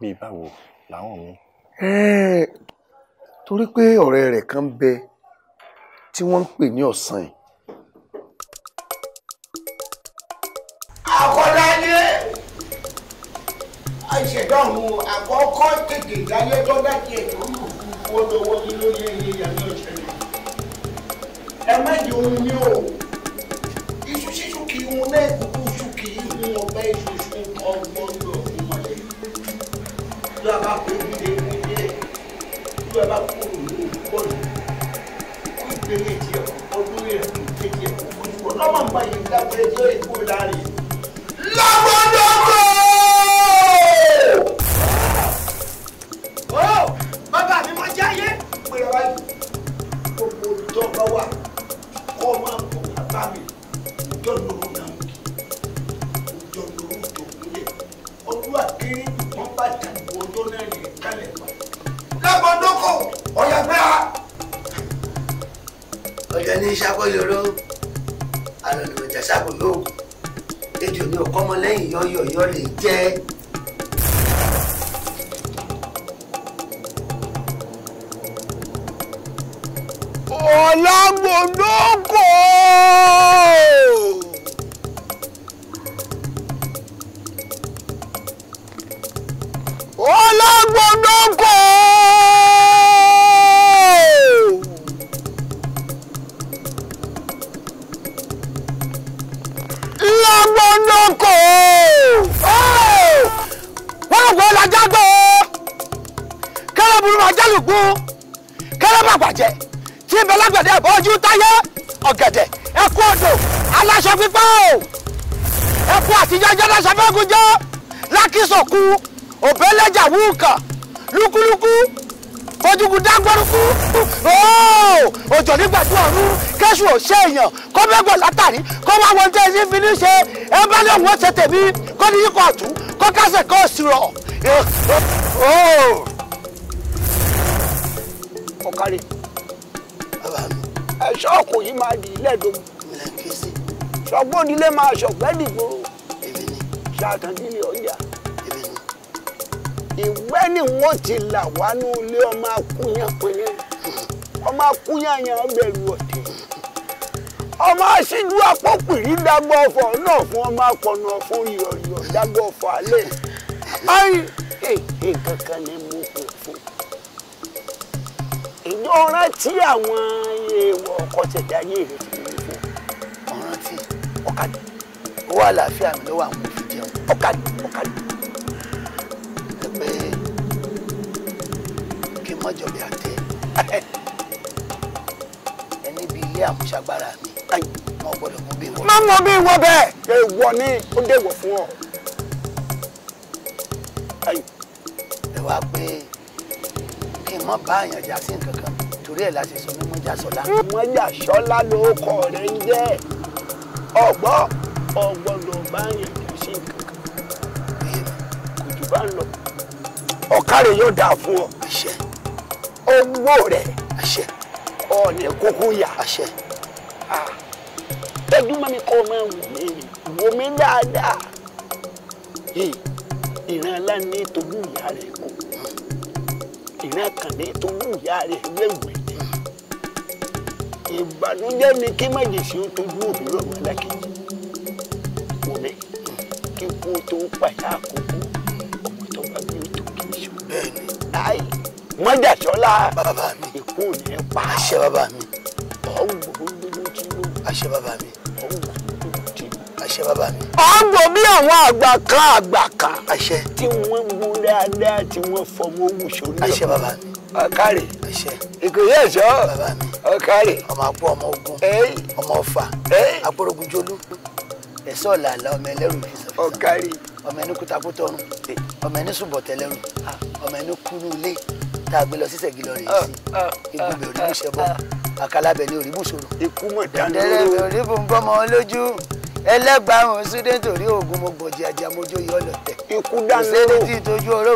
bíi báwo làwọn mi. torí pé ọ̀rẹ́ rẹ̀ kan bẹ tí wọ́n ń pè ní ọ̀sán yìí ìṣèdọ́rùn àkọ́kọ́ bá kó ní ilé ní ilé lọ́mọ̀ nípa yìí bá wà kọ́ ọ máa bọ̀ wá bá mi ọjọ́ lóró náà ń kí ọjọ́ lóró tó kúlẹ̀ ọdún àkéré wọn bá jàǹdùkú ọjọ́ náà yẹ kálẹ̀ wá. lágbàdókò ọ̀yà gbẹ́ a. ọjọ́ ní sábọ́ yòró àlọ́ ni mo jà sábọ́ yòókù ètò mi ò kọ́mọ lẹ́yìn yọ́yọ́ yọ́ lè jẹ́ ọ̀làgbòdókò. ọ̀làgbòdókò. làgbòdókò. wọ́n lọ wọ́n lajá gbọ́ kẹ́lẹ́ burú ma jálùkú kẹ́lẹ́ má bàjẹ́ níbẹ̀ lágbẹ̀dẹ àbọ̀jú táyé ọ̀gẹ̀dẹ̀ ẹkú odò aláṣọ pípẹ́ o ẹkú àtijọ́ jẹ́ láṣọ lákìsọ̀kú òbẹ́lẹ́jà wúùkàn lúkúlúkú ojúgun òjò nígbàdú ọ̀run kẹ́sù ò èèyàn kó mẹ́gbọ̀n látàrí kó wá wọn tẹ́ ẹni fi ṣe ẹ bá lè wọ́n ṣe tèmi kó ní yíkọ̀ ọ̀tún kó kásẹ̀ kó sì rọ̀ ṣọ́ọ̀kù yìí máa di ilé ìdòmù ṣọgbọ́n onílé máa ṣọ̀pẹ́ dìgbò ṣàtàndínlẹ̀ ọjà ìwẹ́ ni wọ́n ti là wá ní ilé ọmọ akúnyán pinnu ọmọ akúnyán yẹn ọbẹ̀rù ọ̀tẹ̀ ọmọ aṣíjú apọ́pìrí dágbọ́ ọ̀fọ̀ náà fún ọmọ akọ̀nà fún yọ̀yọ̀ dágbọ́ ọ̀fọ̀ alẹ́ ayé eh, eh, nǹkan kan ní mọ́ ìjọ rántí àwọn èèwọ̀ ọkọ̀ ṣẹ̀dá ayé rẹ̀ ti fi fún ọ rántí ọ̀kadì owó àlàáfíà mi lọ́wọ́ àwọn òfin jẹun ọ̀kadì ọ̀kadì ẹ pé kí n mọ́jọ bí àtẹ ẹni bí ilé àmúṣagbára mi wọn gbọ́dọ̀ mú bí wọn. má mọ bí wọn bẹ́ẹ̀ èèwọ̀ ni ó déwọ̀ fún ọ. ẹ wá pé kí n mọ bá àyànjá sí nǹkan torí ẹ̀ láti sọ ní mọ́jàsọ́lá. mọ́jàsọ́lá ló kọ rẹ̀ ń jẹ́ ọ̀gbọ́ ọ̀gbọ́dọ̀ bá yẹn kì í ṣe nǹkan kan kò jù bá ń lọ. ọ̀kárẹ̀ yóò dáa fún ọ. àṣẹ. owó rẹ̀. àṣẹ. ọ̀nà kókó yà. àṣẹ. tẹ́jú mami kọ́ ọmọ wò mí wò mí dáadáa. ìran aláǹdé tó bú ìyá rẹ̀ kú ìran kàndé tó wù ìyá rẹ̀ léwèé ìbànújẹ́ ni kí májèṣe ó tójú òwúrọ̀ mọ́dákejì wò mí kí kú tó pàyà àkókò ọmọ tó bá bí ó tó kí n ṣe bẹ́ẹ̀ni. láì mọ́jàsọ́lá bàbá mi ikú ò ní pa àṣẹ bàbá mi ọ̀gbọ̀n olówó tí ó àṣẹ bàbá mi ọ̀gbọ̀n olówó tí ó àṣẹ bàbá mi. ọ̀gbọ̀n bí àwọn àgbà kan àgbà kan àṣẹ tí wọ́n mú dáadáa tí wọ́n fọwọ́ wù sórí ọ̀ àṣẹ bàbá mi. àkàrẹ̀ iṣẹ́. ìkòyí ẹ̀ṣọ́ ọ̀kárì ọmọ àpò ọmọ ogun ọmọ ọ̀fà àpòrògùnjolú ẹ̀ṣọ́ làlà ọmọ ẹlẹ́rù ọ̀kárì ọmọ ẹni kúta kú tọrùn ọmọ ẹni sùbọ̀ tẹlẹ́rù ah. ọmọ ẹni kúnú ilé tá a gbé lọ sí sẹ̀gìlọ rẹ̀ ah, sí ìgbìmọ̀ òrí bù ṣẹbọ ah. àkàlàbẹ̀ ni òrí bù ṣòro. ikú mọ̀ dáná lóró ẹ̀rẹ̀ òrí bù ń bọ́ ọmọ lójú ẹlẹ́gbàrún sídẹ̀ torí oògùn mo gbòdì àjà mojó yọ lọ́tẹ̀. ikú dáná lóró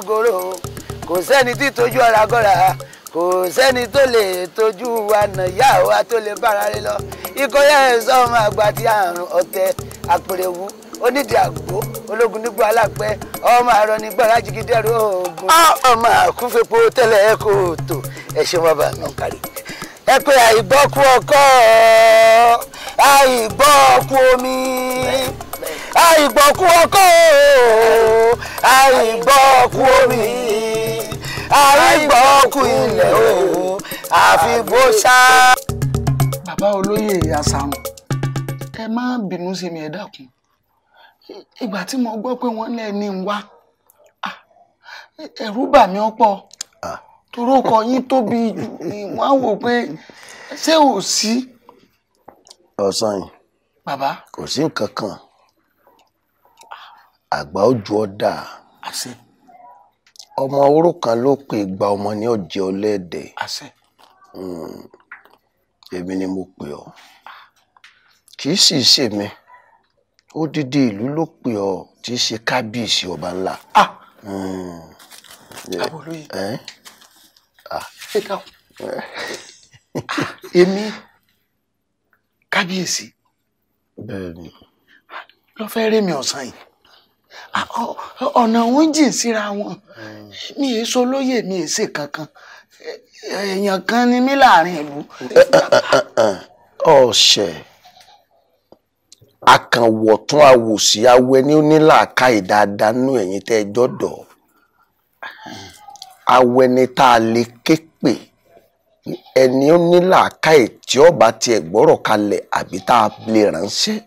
kò sẹ́ni tí ìtọ́jú orógoro kò kò sẹ́ni tó lè tójú wa nà yá wa tó lè bára rí lọ ìkọ́yà ẹ̀sọ́ ọmọ àgbà ti àrùn ọ̀tẹ̀ àpèrèwú onídìí àgbo ológun nígbó alápẹ ọmọ àrọ ní gbára jìgìdẹrù oògùn ah! ọmọ àkúfepo tẹ́lẹ̀ ẹ kò tó ẹ ṣe wọn bá nù kárí ẹ pé àìgbọ́kú ọkọ àìgbọ́kú omi àìgbọ́kú ọkọ àìgbọ́kú omi àrígbọ́kù ilẹ̀ o àfi bó ṣá. bàbá olóyè àṣàrùn ẹ má bínú sí mi ẹ dákun ìgbà tí mo gbọ́ pé wọ́n lẹ́ ní wá ẹ̀rù bà mí ọ̀pọ̀ toró kọ yín tóbi wọ́n á wò pé ṣé ò sí. ọ̀sán yìí bàbá kò sí nǹkan kan àgbà ó ju ọmọ òrukàn ló pè gba ọmọ ní ọjẹ ọlẹ́dẹ̀ hmm. èmi ni mo pè ọ́ kì í sì ṣe mi odidi ìlú ló pè ọ́ tí í ṣe kábíyèsí ọba ńlá. abolóye hmm. ẹ dáhùn ah, èmi kábíyèsí lọ fẹ́ rémi ọ̀sán yìí. Ah, ọ̀nà wọn jìn síra wọn hmm. mi ì so lóyè mi ì ṣe kankan èèyàn kan ni mí láàrin ìlú. ọ̀sẹ̀ akànwọ̀tún àwòsí awẹ ni ó ní làákàyè dáadáa nínú ẹ̀yìn tẹ́ ẹ jọ́dọ̀ awẹ ni tá a lè ké pè ẹni ó ní làákàyè tí ọba tiẹ̀ gbọ́rọ̀ kalẹ̀ àbí tá a lè ránṣẹ́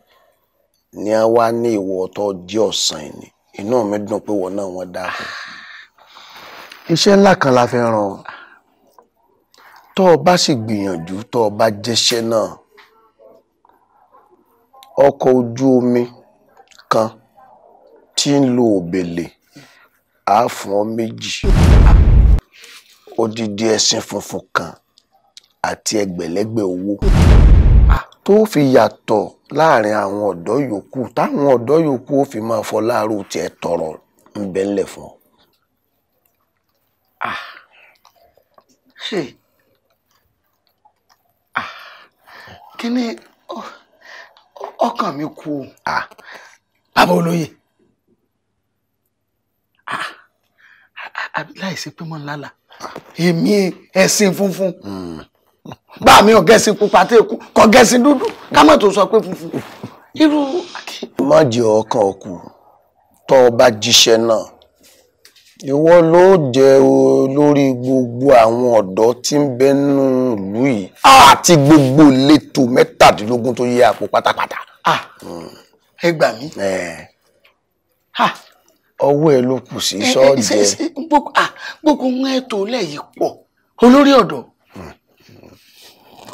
ni a wá ní ìwọ tó ọ̀sán ẹni inú mi dùn pé wọn náà wọn dáa fún iṣẹ́ ńlá kan la fẹ́ ràn ọ́ tó o bá sì gbìyànjú tó o bá jẹ́ṣẹ́ náà ọkọ̀ ojú omi kan tí ń lo òbèlè á fún ọ méjì odidi ẹṣin funfun kan àti ẹgbẹ̀lẹ́gbẹ̀ owó. tó fi yàtọ̀ láàrin àwọn ọ̀dọ́ yòókù táwọn ọ̀dọ́ yòókù ó fi máa fọ láàárọ̀ tiẹ̀ tọrọ ń ńlẹ̀ Ah. Hey. Ah. ọkàn mi kú Ah. bàbá olóye ah láìsí pé mo ń lálàá ah. èmi ẹ̀sìn funfun. Hmm. bá mi ò gẹ̀ẹ́sì pupa tí èkú kò gẹ̀ẹ́sì dúdú ká má tó sọ pé funfun irú. má jẹ ọkàn ọkù tó o bá jíṣẹ́ náà ìwọ ló jẹ olórí gbogbo àwọn ọ̀dọ́ tí ń bẹ nù ìlú yìí àti gbogbo ìletò mẹ́tàdínlógún tó yẹ àpò pátápátá. ẹ gbà mí ọwọ́ ẹ ló kù sí sọ́ọ̀jẹ́. gbogbo ń ètò lẹ́yìn pọ̀ olórí ọ̀dọ́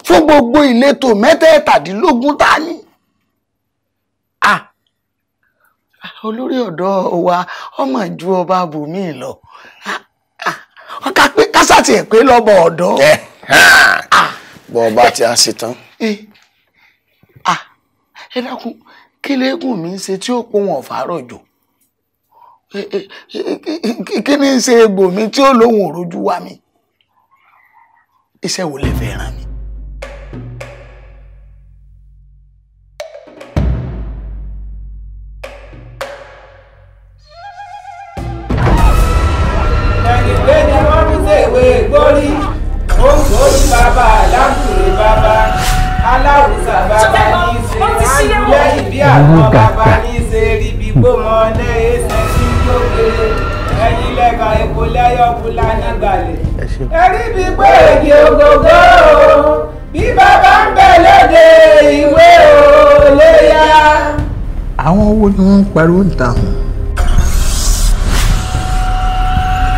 fún gbogbo ìletò mẹ́tẹ̀ẹ̀tàdínlógún tá a ní. olórí ọ̀dọ́ wa ọmọ ju ọba bùnmí lọ kásàtì ẹ̀ pé lọ́bọ̀ ọ̀dọ́. bọ́ ọba tí a ṣe tán. ẹ dákun kí lẹ́gùn mi ń ṣe tí ó pọ̀ wọ́n fàárọ̀ jò kí ni ń ṣe egbò mi tí ó lóhùn òrojú wa mi iṣẹ́ wo lè fẹ́ ràn ariwo ni wọ́n ń pariwo ń ta hàn.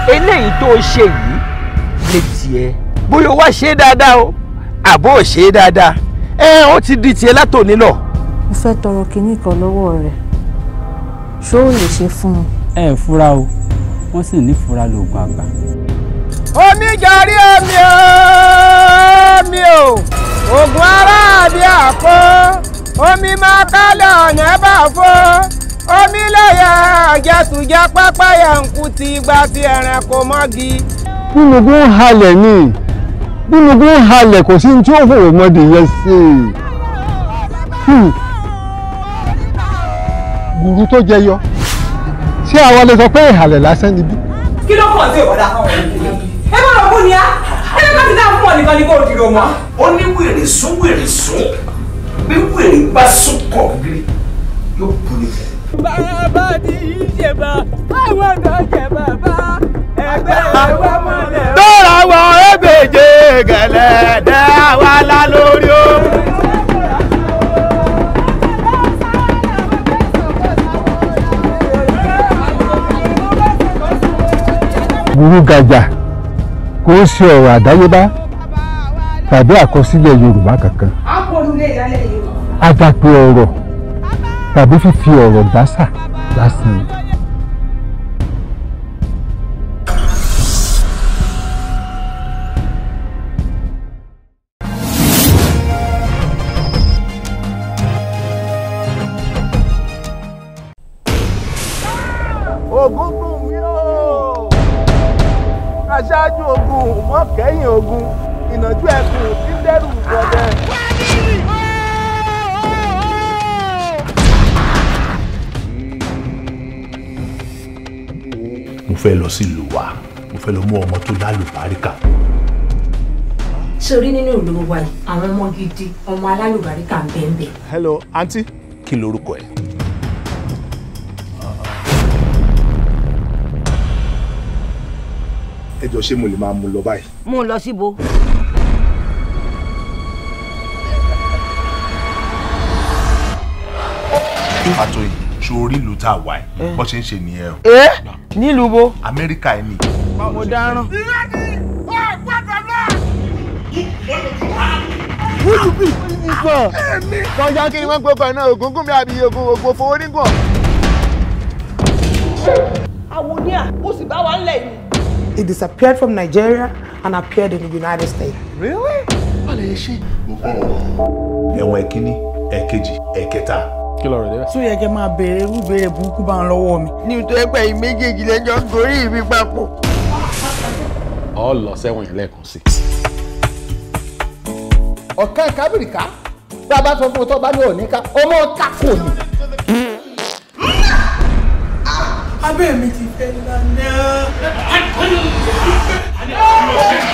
eléyìí tó o ṣe yìí lè tiẹ̀ bóyá o wá ṣe é dáadáa o àbó ò ṣe é dáadáa ẹ ó ti di tiẹ̀ látòní lọ. mo fẹ́ tọrọ kinní kan lọ́wọ́ rẹ̀ ṣó o lè ṣe fún un. ẹ ẹ fura o wọ́n sì ní fura lóògùn àgbà. oníjàrí omi o omi o oògùn aráàlú àpò omi máa kálẹ̀ ọ̀yàn bá fó omi lẹ́yà àjẹtùjẹ pápá yẹnku ti gba ti ẹ̀rẹ̀ kò mọ́gi. búnugún halẹ̀ ni búnugún halẹ̀ kò sí tí ó fòrò mọ́dì yẹn sí i. Hmm. gùrú tó jẹyọ ṣé àwa lè sọ pé ìhàlẹ̀ lásán ni bí. kí ló pọ̀ sí ìwọ́dà kan ẹ bá lọ bú ẹ bá ti dáhùn fún ọ ní kó o dìrò mọ́. ó ní wèrè sún wèrè sún bí wèrè bá sùn kọ̀ gírí yóò bù fẹ́. bàbá mi yìí ṣe bá àwọn náà ṣe bàbá ẹgbẹ́ wa mọ̀lẹ́. tọ́ra wọ ebèje gẹ̀lẹ́ dẹ́ wa lá lórí o. burú gàjà kò sí ọ̀rọ̀ àdáyébá tàbí àkọsílẹ̀ yorùbá kankan àdàpè ọ̀rọ̀ tàbí fífi ọ̀rọ̀ dásà lásìí. fẹ́ lọ sílùú wa mo fẹ́ lọ mú ọmọ tó lálùbáríkà. sori nínú ìlú wa yìí àwọn ọmọ gidi ọmọ alálùbáríkà ń bẹ́ẹ̀ bẹ́ẹ̀. hello aunty kí lorúkọ ẹ. ẹ jọ ṣé mo lè máa mú un lọ báyìí. mú un lọ síbo. àtòyìn sórí ìlú tá a wà ẹ eh. bó ṣe ń ṣe nìyẹn o. Eh? nílùú bo. amẹ́ríkà ẹ̀ ni. mo dáràn. wúlù bí ìgbọ̀n. kọjá kí ni wọ́n gbọ́ kan náà ògúngún mi àbí ogun ògbò fowó nígbọ̀n. àwòníà ó sì bá wa ń lẹ̀ yìí. He disappeared from Nigeria and appeared in the United States. Really? Wọ́n lè ṣe. ẹ̀wọ̀n ẹ̀kíní ẹ̀kejì ẹ̀kẹta kí lọ rẹ̀ débẹ̀. sóyè kẹ́ máa béèrè irú béèrè burúkú bá ń lọ́wọ́ mi. ní ìtọ́ ẹgbẹ́ yìí méjèèjì lẹ́jọ́ gorí mi papọ̀. ọ lọ sẹ́wọ̀n yẹn lẹ́ẹ̀kan sí. ọ̀kẹ́ kábìrìkà bá a bá sọ fún ọtọ́ bá ní òní ká ọmọ ọ̀tá kò abẹ́ mi ti fẹ́ lánàá.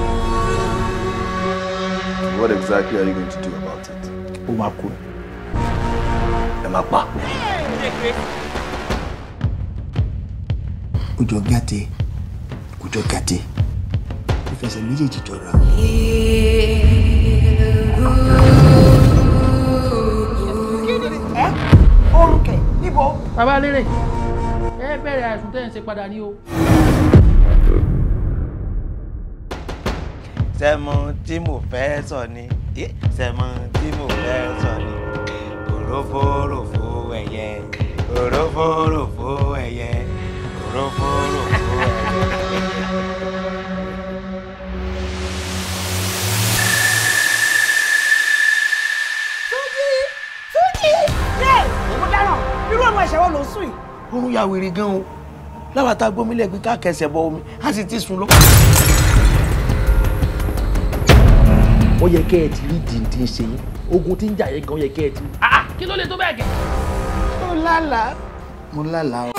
What exactly are you going to do about it? Umaku, máa kú. gati, máa gati. If there's a need to méjèèjì jọra. Orúkẹ̀ níbo? Bàbá Lérè, ẹ bẹ̀rẹ̀ àìsùn tẹ́ ẹ̀ ń ṣe padà o. sẹ́mọ tí mo fẹ́ sọ ni sẹ́mọ tí mo fẹ́ sọ ni òrófòrófò ẹ̀yẹ òrófòrófò ẹ̀yẹ òrófòrófò ẹ̀yẹ. irú àwọn ẹ̀ṣẹ̀ wo ló ń sùn yìí. oorun ya wèrè gan o láwa tá a gbómi lẹ́gbẹ̀ẹ́ ká kẹsẹ̀ bọ omi a sì ti sùn lọ. ó yẹ kẹ́ ẹ ti rí dìndín ṣe yín ogun tí ń jà yẹn gan yẹ kẹ́ ẹ ti. Ah! kí ló lè tó bẹ́ẹ̀ kẹ́. mo lálàá mo lálàá o.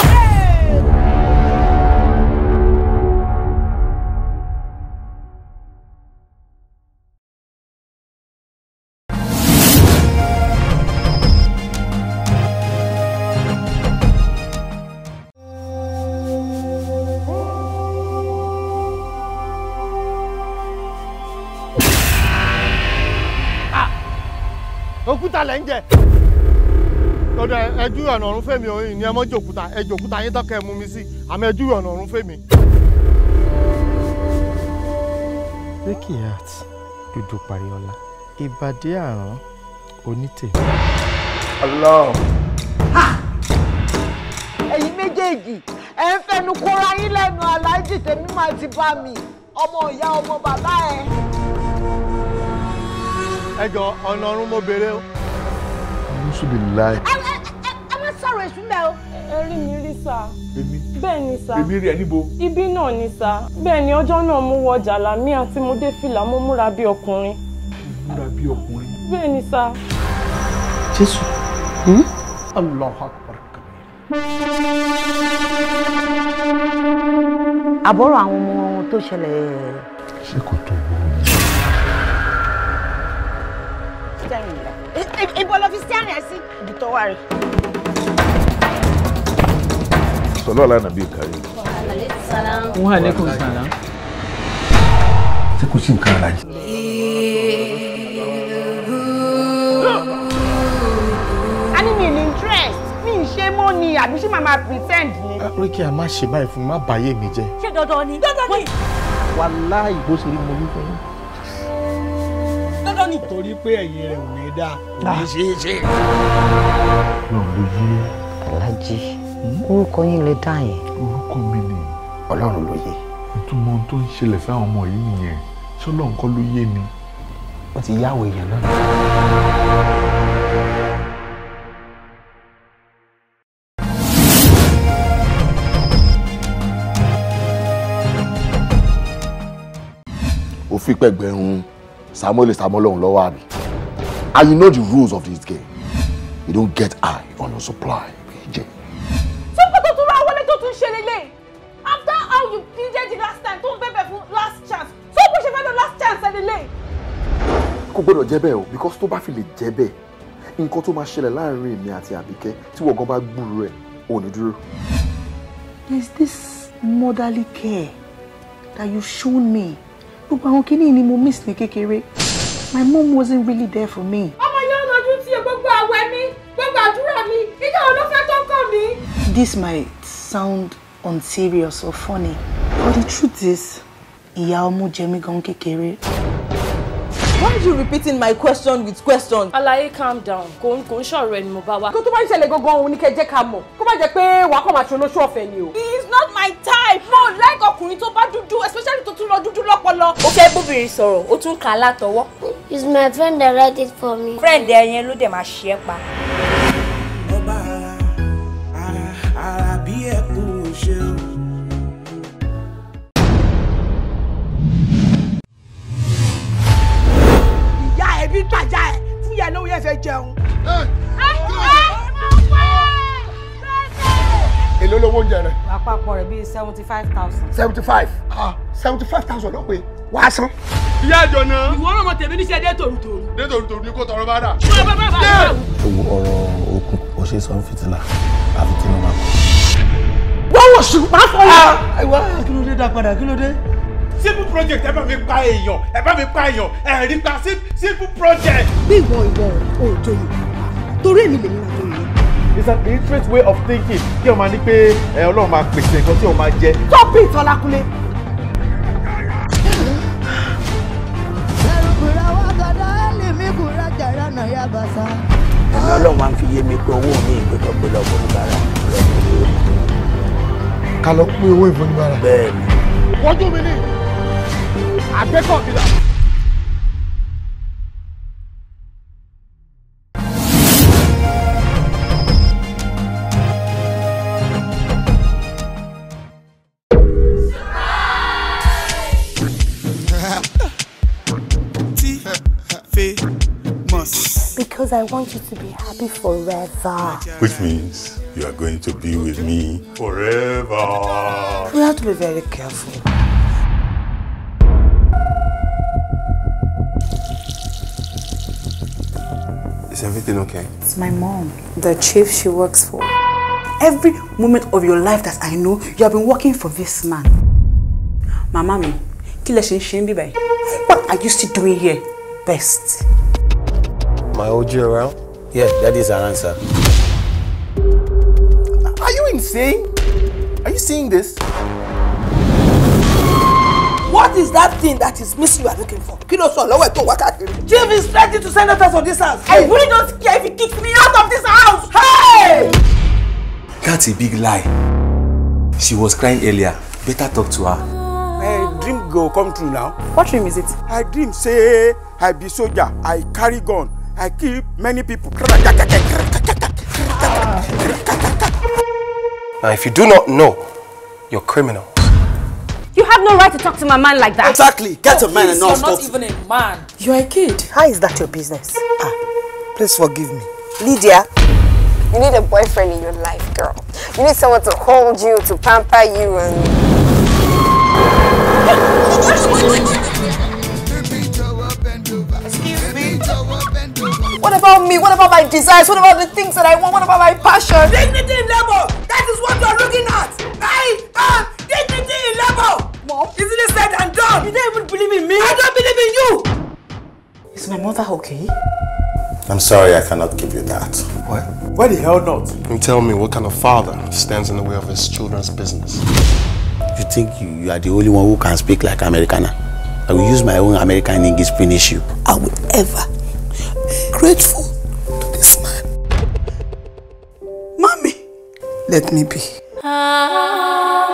òkúta lẹ̀ ń jẹ. lọ́dọ̀ ẹjú ọ̀nà ọ̀run fèmí oyin ni ẹ mọ́ jòkúta ẹ jòkúta yín tọ́kẹ́ mú mi sí àmọ́ ẹjú ọ̀nà ọ̀run fèmí. rekiat dúdú pariola ìbàdí àrùn onítè. ọlọ́run. ẹ̀yin méjèèjì ẹ̀ ń fẹnu kóra yín lẹ́nu aláàjì tèmi máa ti bá mi ọmọ ìyá ọmọ bàbá ẹ. ẹ jọ ọ̀nà ọ̀run mo béèrè o. Àwùsù bí láì. Ẹ má sọ̀rọ̀ èṣù mẹ́ o. Ẹ rí mi rí sá. Èmi. Bẹ́ẹ̀ ni sá. Èmi rí ẹ níbo. Ibi náà ni sá. Bẹ́ẹ̀ ni ọjọ́ náà mo wọ jàlámí àti mo dé fìlà mo múra bí ọkùnrin. Múra bí ọkùnrin. Bẹ́ẹ̀ ni sá. Jésù. Hmm? Allahu Akbar kabir. Àbọ̀rọ̀ àwọn ọmọ tó ṣẹlẹ̀. Ṣé kò tó wọ? steering rẹ̀ ibo ló fi steering rẹ̀ sí ibi tó wà rẹ̀. sọlá ọlá nàbí kárí. wọ́n á lẹ́kọ̀ọ́ ṣé kò sí nǹkan ara jù. a ní mi ní interest mi ń ṣe mọ́ ni àbí ṣé màmá pretend ni. Ríkì a máa ṣe báyìí fún mi má bàyè mi jẹ́. ṣé dandan ni. dandan ni. wàláì bó ṣe rí mo wí fún yín nítorí pé ẹ̀yìn rẹ̀ ò ní dá ah. kò ní ṣe é ṣe. alájí hmm? orúkọ yín lè dá yẹn. orúkọ mi ni ọlọ́run ló yé. ìtumọ̀ tó ń ṣẹlẹ̀ sáwọn ọmọ yìí nìyẹn ṣé ọlọ́run ló yé ni. wọ́n ti yáwó èèyàn náà. ó fi pẹ́gbẹ̀rún samuel samuel ọ̀hún and you know the rules of this game you don't get eye on your supply jẹ. ṣé pé tó tún ra wọlé tó tún ṣe lélẹ̀ after how you pleaded the last time tó ń bẹ̀bẹ̀ fún last chance ṣé bó ṣe fẹ́ lọ last chance ẹ̀ lélẹ̀. kò gbọ́dọ̀ jẹ́ bẹ́ẹ̀ o because tó bá fi lè jẹ́ bẹ́ẹ̀ nǹkan tó máa ṣẹlẹ̀ láàrin èmi àti àbíkẹ́ tí wọ́n gan bá gbúrú rẹ̀ ò ní dúró. is this motherly care that you shown me gbogbo àwọn kinní ni mo miss ní kékeré my mom wasn't really there for me. ọmọ yóò lọ́dún tí gbogbo àwẹ̀ mi gbogbo àdúrà mi ìjà olófẹ́ tó kàn mí. this might sound unserious or funny but the truth is ìyá ọmọ jẹ mí gan kékeré. Why are you repeating my question with question? Alaye calm down. Kò ń kò ń ṣọ̀rọ̀ ẹni mo bá wa. Kó tó bá ń ṣẹlẹ̀ gangan òun ni kẹ́ jẹ́ ká mọ̀. Kó má jẹ́ pé wà á He is not my type. Mo like ọkùnrin tó bá dúdú especially tó tún lọ dúdú lọ́pọlọ. Ó fẹ́ bóbìnrin sọ̀rọ̀, ó tún kà á my friend that write it for me. Friend ẹ yẹn ló they máa ṣe pa. fẹ́ jẹun. èló lówó oúnjẹ rẹ. àpapọ̀ rẹ̀ bíi seventy five thousand. seventy five ah, seventy five thousand lọ́pẹ́ wàá san. ìyá àjọ̀nà. ìwọ ọ̀rọ̀ mọ tèmi níṣẹ́ dé tòrútòrú. dé tòrútòrú ni kò tọrọ bá dà. owó ọ̀rọ̀ okùn kò ṣe sọ fìtílà àfi tí mo máa kọ. wọ́n wọ̀ sùn máa fọ́ wọn. ẹ wá kí ló dé dá padà kí ló dé simple project ẹ bá mi pa èèyàn ẹ bá mi pa èèyàn ẹ rí pa simple project. bí ìwọ ìwọ òòjọ́ yìí torí èmi lèmi máa tó it's an interest way of thinking kí o máa ní pé ọlọ́run máa pèsè nǹkan tí o máa jẹ. stop it Ọlákúnlé. ọlọ́run máa ń fi yé mi pé owó mi ìgbẹ́kẹ̀gbẹ́ lọ́gbọ̀n nígbàrà. ká lọ pín owó ìfọ̀nìbàrà. bẹ́ẹ̀ ni. ojú mi ni àgbẹ̀kọ̀ kìlà. Because I want you to be happy forever. Which means? You are going to be with me forever. We have to be very careful. Is everything okay? It's my mom, the chief she works for. Every moment of your life that I know, you have been working for this man. My mommy, what are you still doing here? Best. My OG around? Yeah, that is our answer. seeing? Are you seeing this? What is that thing that is missing you are looking for? Kí ló sọ lọ́wọ́ ẹ̀ tó wá káàkiri? is threatening to send us out of this house. I really don't care if he kicks me out of this house. Hey! That's a big lie. She was crying earlier. Better talk to her. Uh, dream go come true now. What dream is it? I dream say I be soldier, I carry gun, I keep many people. Ah. Now, if you do not know, you're criminal. You have no right to talk to my man like that. Exactly. Get oh, a man please, and not You're not even a man. You're a kid. How is that your business? Ah, please forgive me. Lydia, you need a boyfriend in your life, girl. You need someone to hold you, to pamper you, and... about me? What about my desires? What about the things that I want? What about my passion? Dignity in labor! That is what you're looking at! I am dignity in labor! Mom? Isn't it said and done? You don't even believe in me! I don't believe in you! Is my mother okay? I'm sorry I cannot give you that. What? Why the hell not? You tell me what kind of father stands in the way of his children's business. You think you, you are the only one who can speak like Americana? I will use my own American English to finish you. I will ever grateful to this man. Mommy, let me be. Ah.